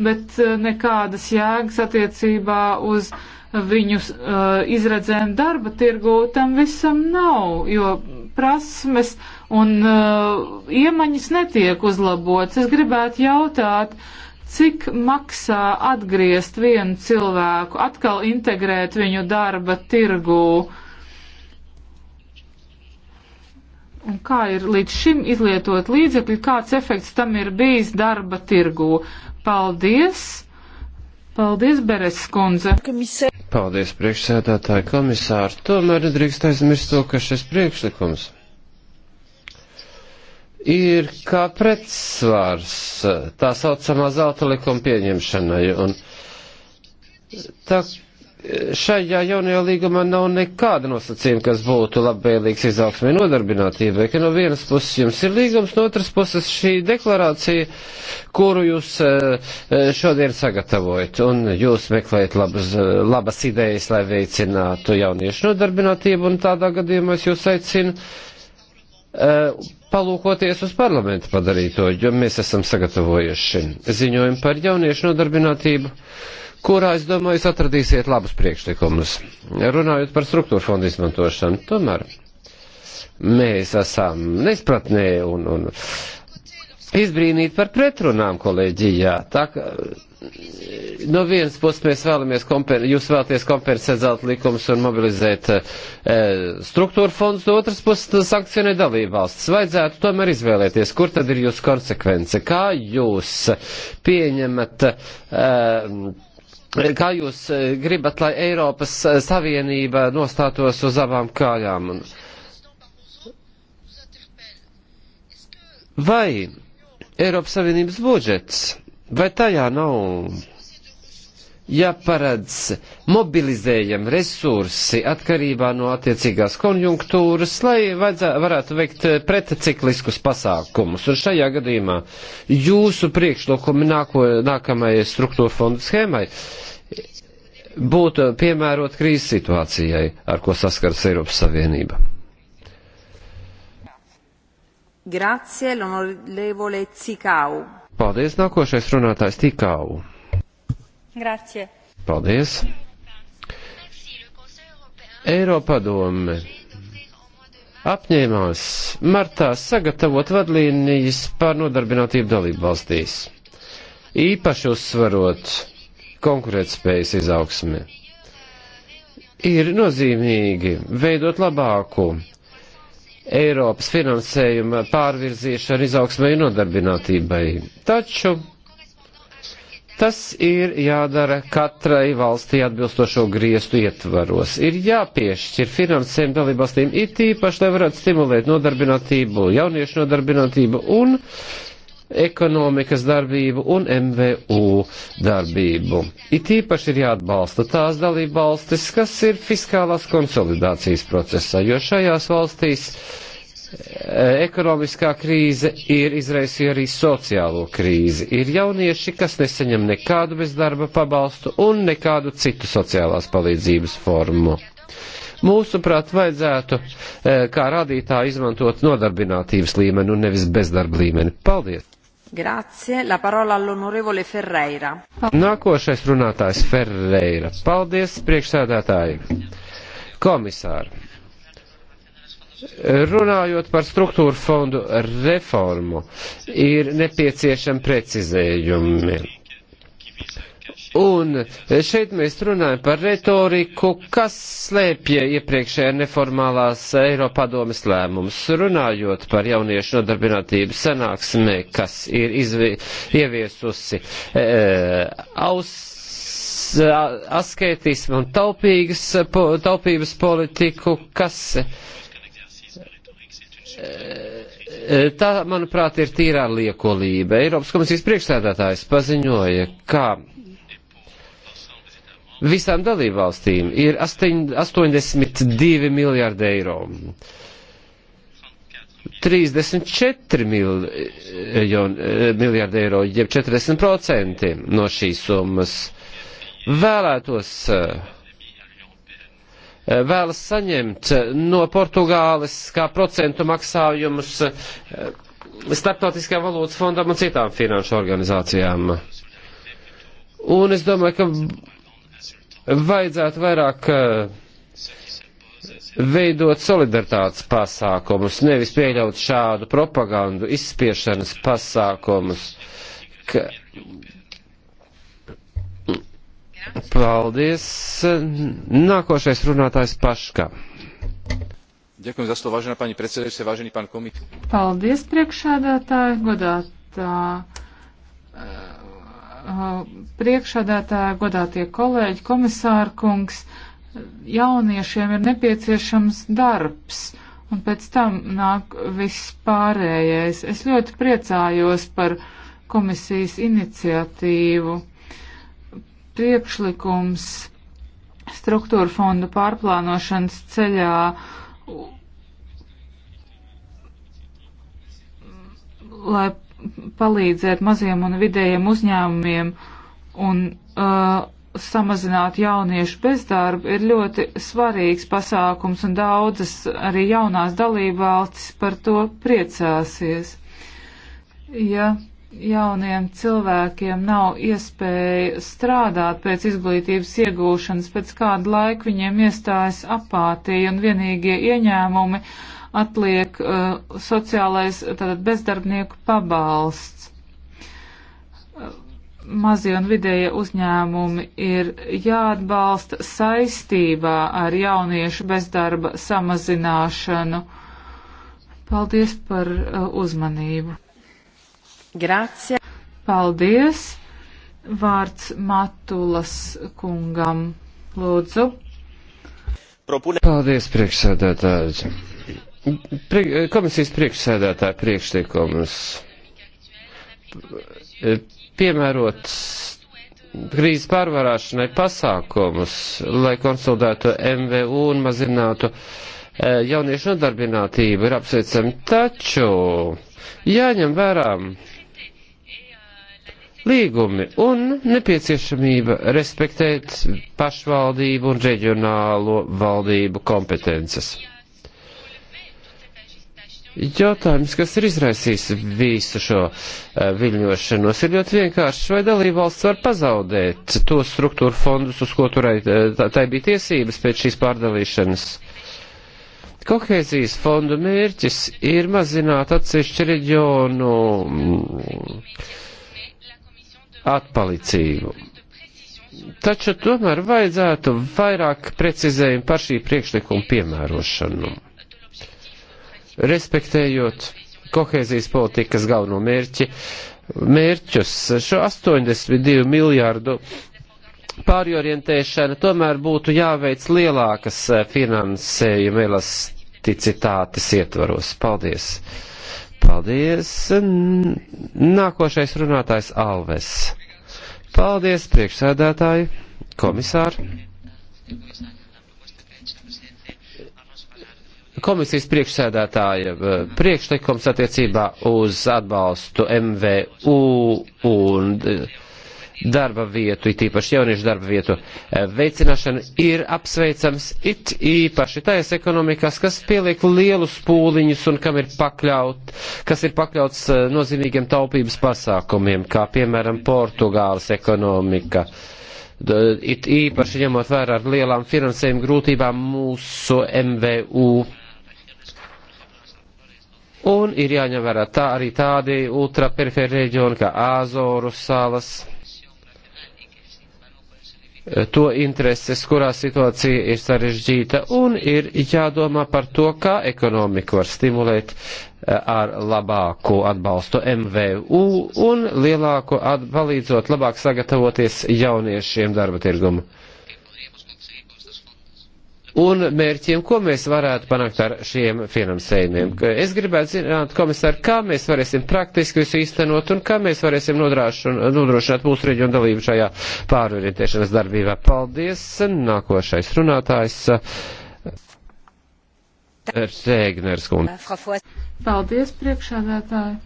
bet nekādas jēgas attiecībā uz uh, viņus uh, izredzēm darba tirgū, tam visam nav, jo prasmes un uh, iemaņas netiek uzlabotas. Es gribētu jautāt, cik maksā atgriezt vienu cilvēku, atkal integrēt viņu darba tirgū. Un kā ir līdz šim izlietot līdzekļi, kāds efekts tam ir bijis darba tirgū? Paldies! Paldies, Beres kundze. Paldies, priekšsēdētāji komisāri. Tomēr nedrīkst aizmirst to, ka šis priekšlikums ir kā pretsvars tā saucamā zelta likuma pieņemšanai. Un tā šajā jaunajā līgumā nav nekāda nosacījuma, kas būtu labvēlīgs izaugsmē nodarbinātībai, ka no vienas puses jums ir līgums, no otras puses šī deklarācija, kuru jūs eh, eh, šodien sagatavojat, un jūs meklējat labas, eh, labas idejas, lai veicinātu jauniešu nodarbinātību, un tādā gadījumā es jūs aicinu palūkoties uz parlamentu padarīto, jo mēs esam sagatavojuši ziņojumu par jauniešu nodarbinātību kurā, es domāju, jūs atradīsiet labus priekšlikumus. Runājot par struktūra fondu izmantošanu, tomēr mēs esam nespratnē un, un izbrīnīti par pretrunām kolēģijā. Tā ka no vienas puses mēs vēlamies, kompen, jūs vēlaties kompensēt zelta likumus un mobilizēt e, struktūra fondus, no otras puses sankcionē dalībvalsts. Vajadzētu tomēr izvēlēties, kur tad ir jūsu konsekvence, kā jūs pieņemat. E, kā jūs eh, gribat, lai Eiropas eh, Savienība nostātos uz abām kājām? Vai Eiropas Savienības budžets, vai tajā nav jāparedz mobilizējam resursi atkarībā no attiecīgās konjunktūras, lai vajadzā, varētu veikt pretcikliskus pasākumus. Un šajā gadījumā jūsu priekšlikumi nāko, nākamajai struktūra fondu schēmai būtu piemērot krīzes situācijai, ar ko saskaras Eiropas Savienība. Grazie, l'onorevole Cikau. Paldies, nākošais runātājs Tikau. Grazie. Paldies. Eiropadome apņēmās martā sagatavot vadlīnijas par nodarbinātību dalību valstīs, īpaši uzsvarot konkurētspējas izaugsmi. Ir nozīmīgi veidot labāku Eiropas finansējuma pārvirzīšanu izaugsmai un nodarbinātībai, taču Tas ir jādara katrai valstī atbilstošo griestu ietvaros. Ir jāpiešķir finansējumu dalībvalstīm it īpaši, lai varētu stimulēt nodarbinātību, jauniešu nodarbinātību un ekonomikas darbību un MVU darbību. It īpaši ir jāatbalsta tās dalībvalstis, kas ir fiskālās konsolidācijas procesā, jo šajās valstīs Eh, ekonomiskā krīze ir izraisījusi arī sociālo krīzi. Ir jaunieši, kas nesaņem nekādu bezdarba pabalstu un nekādu citu sociālās palīdzības formu. Mūsuprāt, vajadzētu eh, kā rādītāju izmantot nodarbinātības līmeni un nevis bezdarba līmeni. Paldies! Grazie, la parola all'onorevole Ferreira. Nākošais runātājs Ferreira. Paldies, priekšsēdētāji. Komisāri Runājot par struktūru fondu reformu, ir nepieciešami precizējumi. Un šeit mēs runājam par retoriku, kas slēpja iepriekšējā neformālās Eiropadomes lēmumus. Runājot par jauniešu nodarbinātību sanāksmē, kas ir izvi, ieviesusi e, aus, asketismu un taupīgas, po, taupības politiku, kas Eh, eh, tā, manuprāt, ir tīrā liekolība. Eiropas komisijas priekšsēdētājs paziņoja, ka visām dalībvalstīm ir 82 miljārdi eiro. 34 miljārdi eh, eiro, jeb 40% no šīs summas vēlētos uh, Eh, vēlas saņemt eh, no Portugāles kā procentu maksājumus eh, Startautiskajam valūtas fondam un citām finanšu organizācijām. Un es domāju, ka vajadzētu vairāk veidot solidaritātes pasākumus, nevis pieļaut šādu propagandu, izspiešanas pasākumus, ka Paldies. Nākošais runātājs Paška. Ďakujem za slovo, vážená pani predsedajúca, vážený pán komik. Paldies, priekšādātāji, godātā. Eh, priekšādātāji, godātie kolēģi, komisārkungs, jauniešiem ir nepieciešams darbs, un pēc tam nāk viss pārējais. Es ļoti priecājos par komisijas iniciatīvu priekšlikums struktūra fondu pārplānošanas ceļā lai palīdzētu maziem un vidējiem uzņēmumiem un uh, samazināt jauniešu bezdarbu ir ļoti svarīgs pasākums un daudzas arī jaunās dalībvalstis par to priecāsies. Ja jauniem cilvēkiem nav iespēja strādāt pēc izglītības iegūšanas, pēc kādu laiku viņiem iestājas apātija un vienīgie ieņēmumi atliek uh, sociālais tātad bezdarbnieku pabalsts. Uh, mazie un vidējie uzņēmumi ir jāatbalsta saistībā ar jauniešu bezdarba samazināšanu. Paldies par uh, uzmanību! Grācija. Paldies. Vārds Matulas kungam. Lūdzu. Propune. Paldies, priekšsēdētājs. Pri, komisijas priekšsēdētāja priekšlikums piemērot krīzes pārvarāšanai pasākumus, lai konsultētu MVU un mazinātu e, jauniešu nodarbinātību, ir apsveicami. Taču jāņem vērām līgumi un nepieciešamība respektēt pašvaldību un reģionālo valdību kompetences. Jautājums, kas ir izraisījis visu šo eh, viļņošanos, ir ļoti vienkāršs. Vai dalībvalsts var pazaudēt tos struktūru fondus, uz ko turai eh, tai bija tiesības pēc šīs pārdalīšanas? Kohēzijas fondu mērķis ir mazināt atsevišķu reģionu mm, atpalicību. Taču tomēr vajadzētu vairāk precizējumu par šī priekšlikuma piemērošanu, respektējot kohēzijas politikas galveno mērķi, mērķus. Šo 82 miljārdu pāriorientēšana tomēr būtu jāveic lielākas finansējuma elasticitātes ietvaros. Paldies! Paldies. Nākošais runātājs Alves. Paldies, priekšsēdētāji, komisāri. Komisijas priekšsēdētāja eh, priekšlikums attiecībā uz atbalstu MVU un eh, darba vietu, it īpaši jauniešu darba vietu eh, veicināšana ir apsveicams, it īpaši tajās ekonomikās, kas pieliek lielus pūliņus un kam ir pakļaut, kas ir pakļauts eh, nozīmīgiem taupības pasākumiem, kā piemēram Portugāles ekonomika. It īpaši ņemot vērā ar lielām finansējuma grūtībām mūsu MVU Un ir jāņem vērā tā arī tādi ultraperifēri reģioni kā Āzoru salas. Eh, to intereses, kurā situācija ir sarežģīta, un ir jādomā par to, kā ekonomiku var stimulēt eh, ar labāku atbalstu MVU un lielāku, palīdzot labāk sagatavoties jauniešiem darba tirgumu un mērķiem, ko mēs varētu panākt ar šiem finansējumiem. Es gribētu zināt, komisār, kā mēs varēsim praktiski visu īstenot un kā mēs varēsim nodrošināt mūsu reģionu dalību šajā pārorientēšanas darbībā. Paldies! Nākošais runātājs. Rēgners kundze. Paldies, priekšādētāji.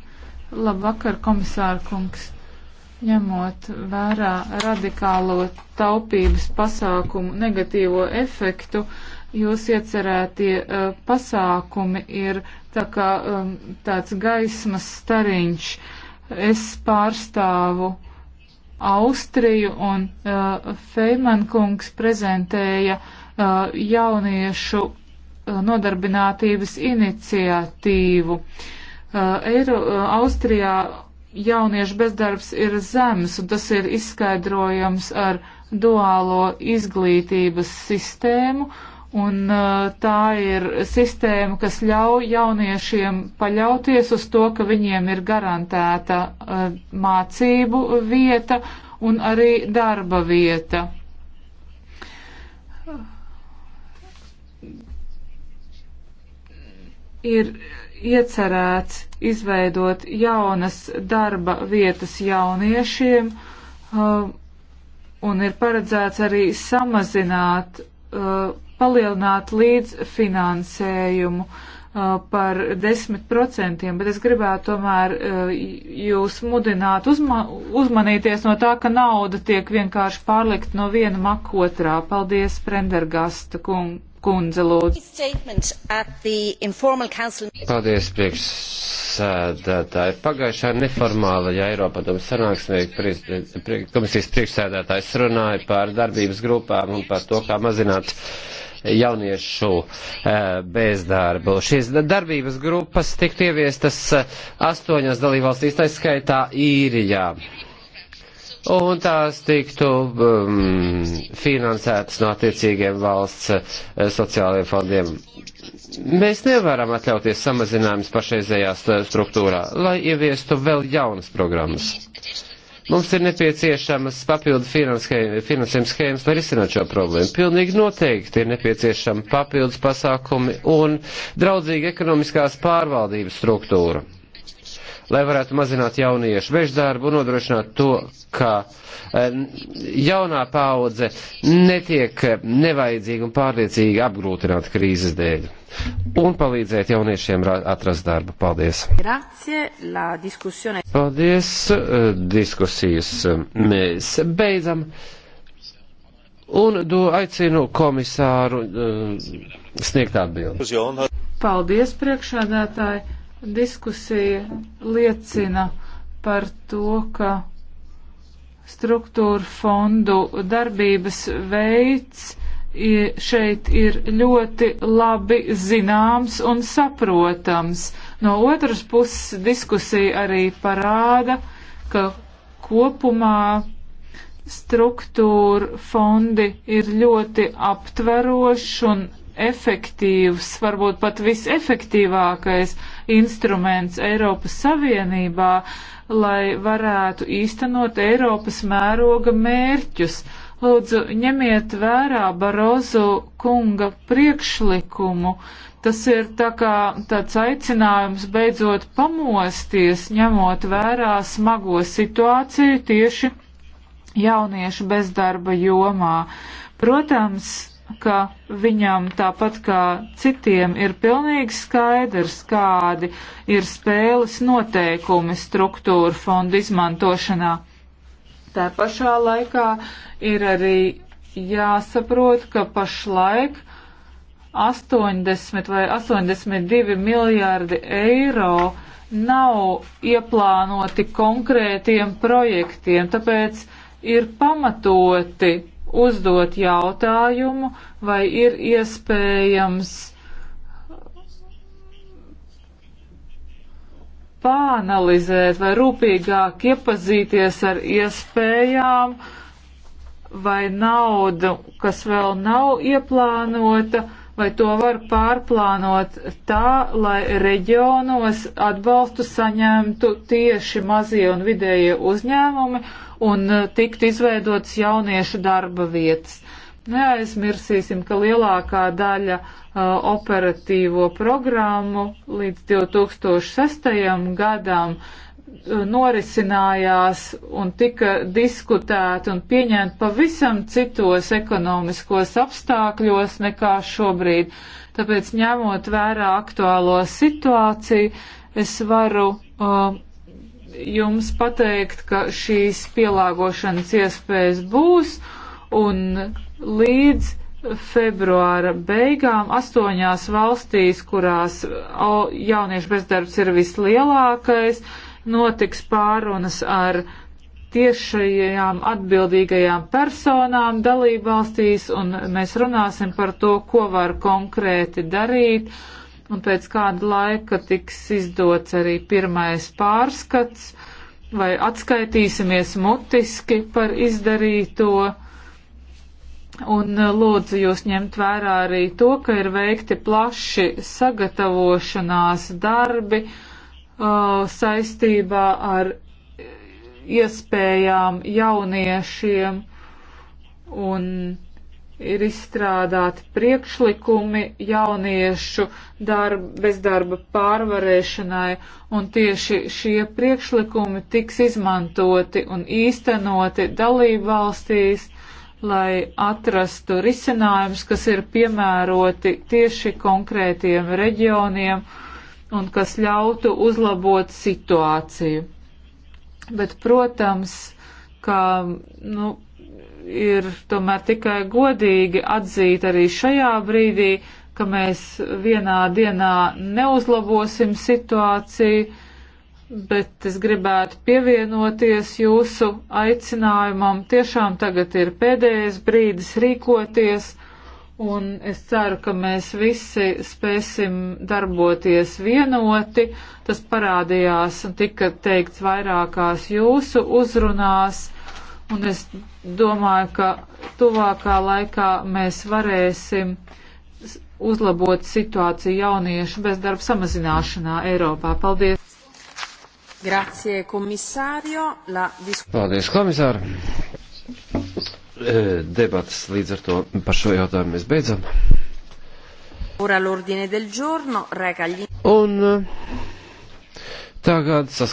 Labvakar, komisāra kungs. Ņemot vērā radikālo taupības pasākumu negatīvo efektu, jūs iecerētie uh, pasākumi ir tā kā um, tāds gaismas stariņš. Es pārstāvu Austriju un uh, e, Feimankungs prezentēja uh, jauniešu uh, nodarbinātības iniciatīvu. Uh, Eiro, uh, Austrijā jauniešu bezdarbs ir zems, un tas ir izskaidrojams ar duālo izglītības sistēmu, un uh, tā ir sistēma, kas ļauj jauniešiem paļauties uz to, ka viņiem ir garantēta uh, mācību vieta un arī darba vieta. Ir iecerēts izveidot jaunas darba vietas jauniešiem uh, un ir paredzēts arī samazināt, uh, palielināt līdz finansējumu uh, par 10%, bet es gribētu tomēr jūs mudināt uzma uzmanīties no tā, ka nauda tiek vienkārši pārlikt no viena maka otrā. Paldies, Prendergasta kungs! Kundze, lūdzu. Paldies, priekšsēdētāji. Pagājušā neformālajā Eiropadomu sanāksmē komisijas priekšsēdētājs runāja par darbības grupām un par to, kā mazināt jauniešu eh, bezdarbu. Šīs darbības grupas tiktu ieviestas eh, astoņās dalībvalstīs, tā skaitā īrijā un tās tiktu um, finansētas no attiecīgiem valsts uh, sociālajiem fondiem. Mēs nevaram atļauties samazinājumus pašreizējā struktūrā, lai ieviestu vēl jaunas programmas. Mums ir nepieciešamas papildu finansējuma schēmas, lai risinātu šo problēmu. Pilnīgi noteikti ir nepieciešama papildus pasākumi un draudzīga ekonomiskās pārvaldības struktūra lai varētu mazināt jauniešu veždarbu un nodrošināt to, ka eh, jaunā paudze netiek nevajadzīgi un pārliecīgi apgrūtināta krīzes dēļ un palīdzēt jauniešiem atrast darbu. Paldies! Grazie, la diskusione. Paldies, eh, diskusijas eh, mēs beidzam. Un do aicinu komisāru sniegt atbildi. Paldies, priekšādātāji! Diskusija liecina par to, ka struktūra fondu darbības veids šeit ir ļoti labi zināms un saprotams. No otras puses diskusija arī parāda, ka kopumā struktūra fondi ir ļoti aptverošs un efektīvs, varbūt pat visefektīvākais instruments Eiropas Savienībā, lai varētu īstenot Eiropas mēroga mērķus. Lūdzu, ņemiet vērā Barozu kunga priekšlikumu. Tas ir tā kā tāds aicinājums beidzot pamosties, ņemot vērā smago situāciju tieši jauniešu bezdarba jomā. Protams, ka viņam tāpat kā citiem ir pilnīgi skaidrs, kādi ir spēles noteikumi struktūra fondu izmantošanā. Tā pašā laikā ir arī jāsaprot, ka pašlaik 80 vai 82 miljārdi eiro nav ieplānoti konkrētiem projektiem, tāpēc ir pamatoti uzdot jautājumu, vai ir iespējams pāanalizēt vai rūpīgāk iepazīties ar iespējām, vai naudu, kas vēl nav ieplānota, vai to var pārplānot tā, lai reģionos atbalstu saņemtu tieši mazie un vidējie uzņēmumi un eh, tiktu izveidotas jauniešu darba vietas. Neaizmirsīsim, ka lielākā daļa uh, operatīvo programmu līdz 2006. gadam eh, norisinājās un tika diskutēta un pieņemta pavisam citos ekonomiskos apstākļos nekā šobrīd. Tāpēc ņemot vērā aktuālo situāciju, es varu uh, jums pateikt, ka šīs pielāgošanas iespējas būs un līdz februāra beigām astoņās valstīs, kurās jauniešu bezdarbs ir vislielākais, notiks pārunas ar tiešajām atbildīgajām personām dalībvalstīs, un mēs runāsim par to, ko var konkrēti darīt un pēc kāda laika tiks izdots arī pirmais pārskats, vai atskaitīsimies mutiski par izdarīto. Un eh, lūdzu jūs ņemt vērā arī to, ka ir veikti plaši sagatavošanās darbi uh, saistībā ar iespējām jauniešiem un ir izstrādāti priekšlikumi jauniešu darba, bezdarba pārvarēšanai, un tieši šie priekšlikumi tiks izmantoti un īstenoti dalību valstīs, lai atrastu risinājumus, kas ir piemēroti tieši konkrētiem reģioniem un kas ļautu uzlabot situāciju. Bet, protams, ka, nu, ir tomēr tikai godīgi atzīt arī šajā brīdī, ka mēs vienā dienā neuzlabosim situāciju, bet es gribētu pievienoties jūsu aicinājumam. Tiešām tagad ir pēdējais brīdis rīkoties, un es ceru, ka mēs visi spēsim darboties vienoti. Tas parādījās un tika teikts vairākās jūsu uzrunās Un es domāju, ka tuvākā laikā mēs varēsim uzlabot situāciju jauniešu bezdarba samazināšanā Eiropā. Paldies! Grazie, komisārio. La... Paldies, komisāri! Eh, debatas līdz ar to par šo jautājumu mēs beidzam. Un eh, tagad saskaņā.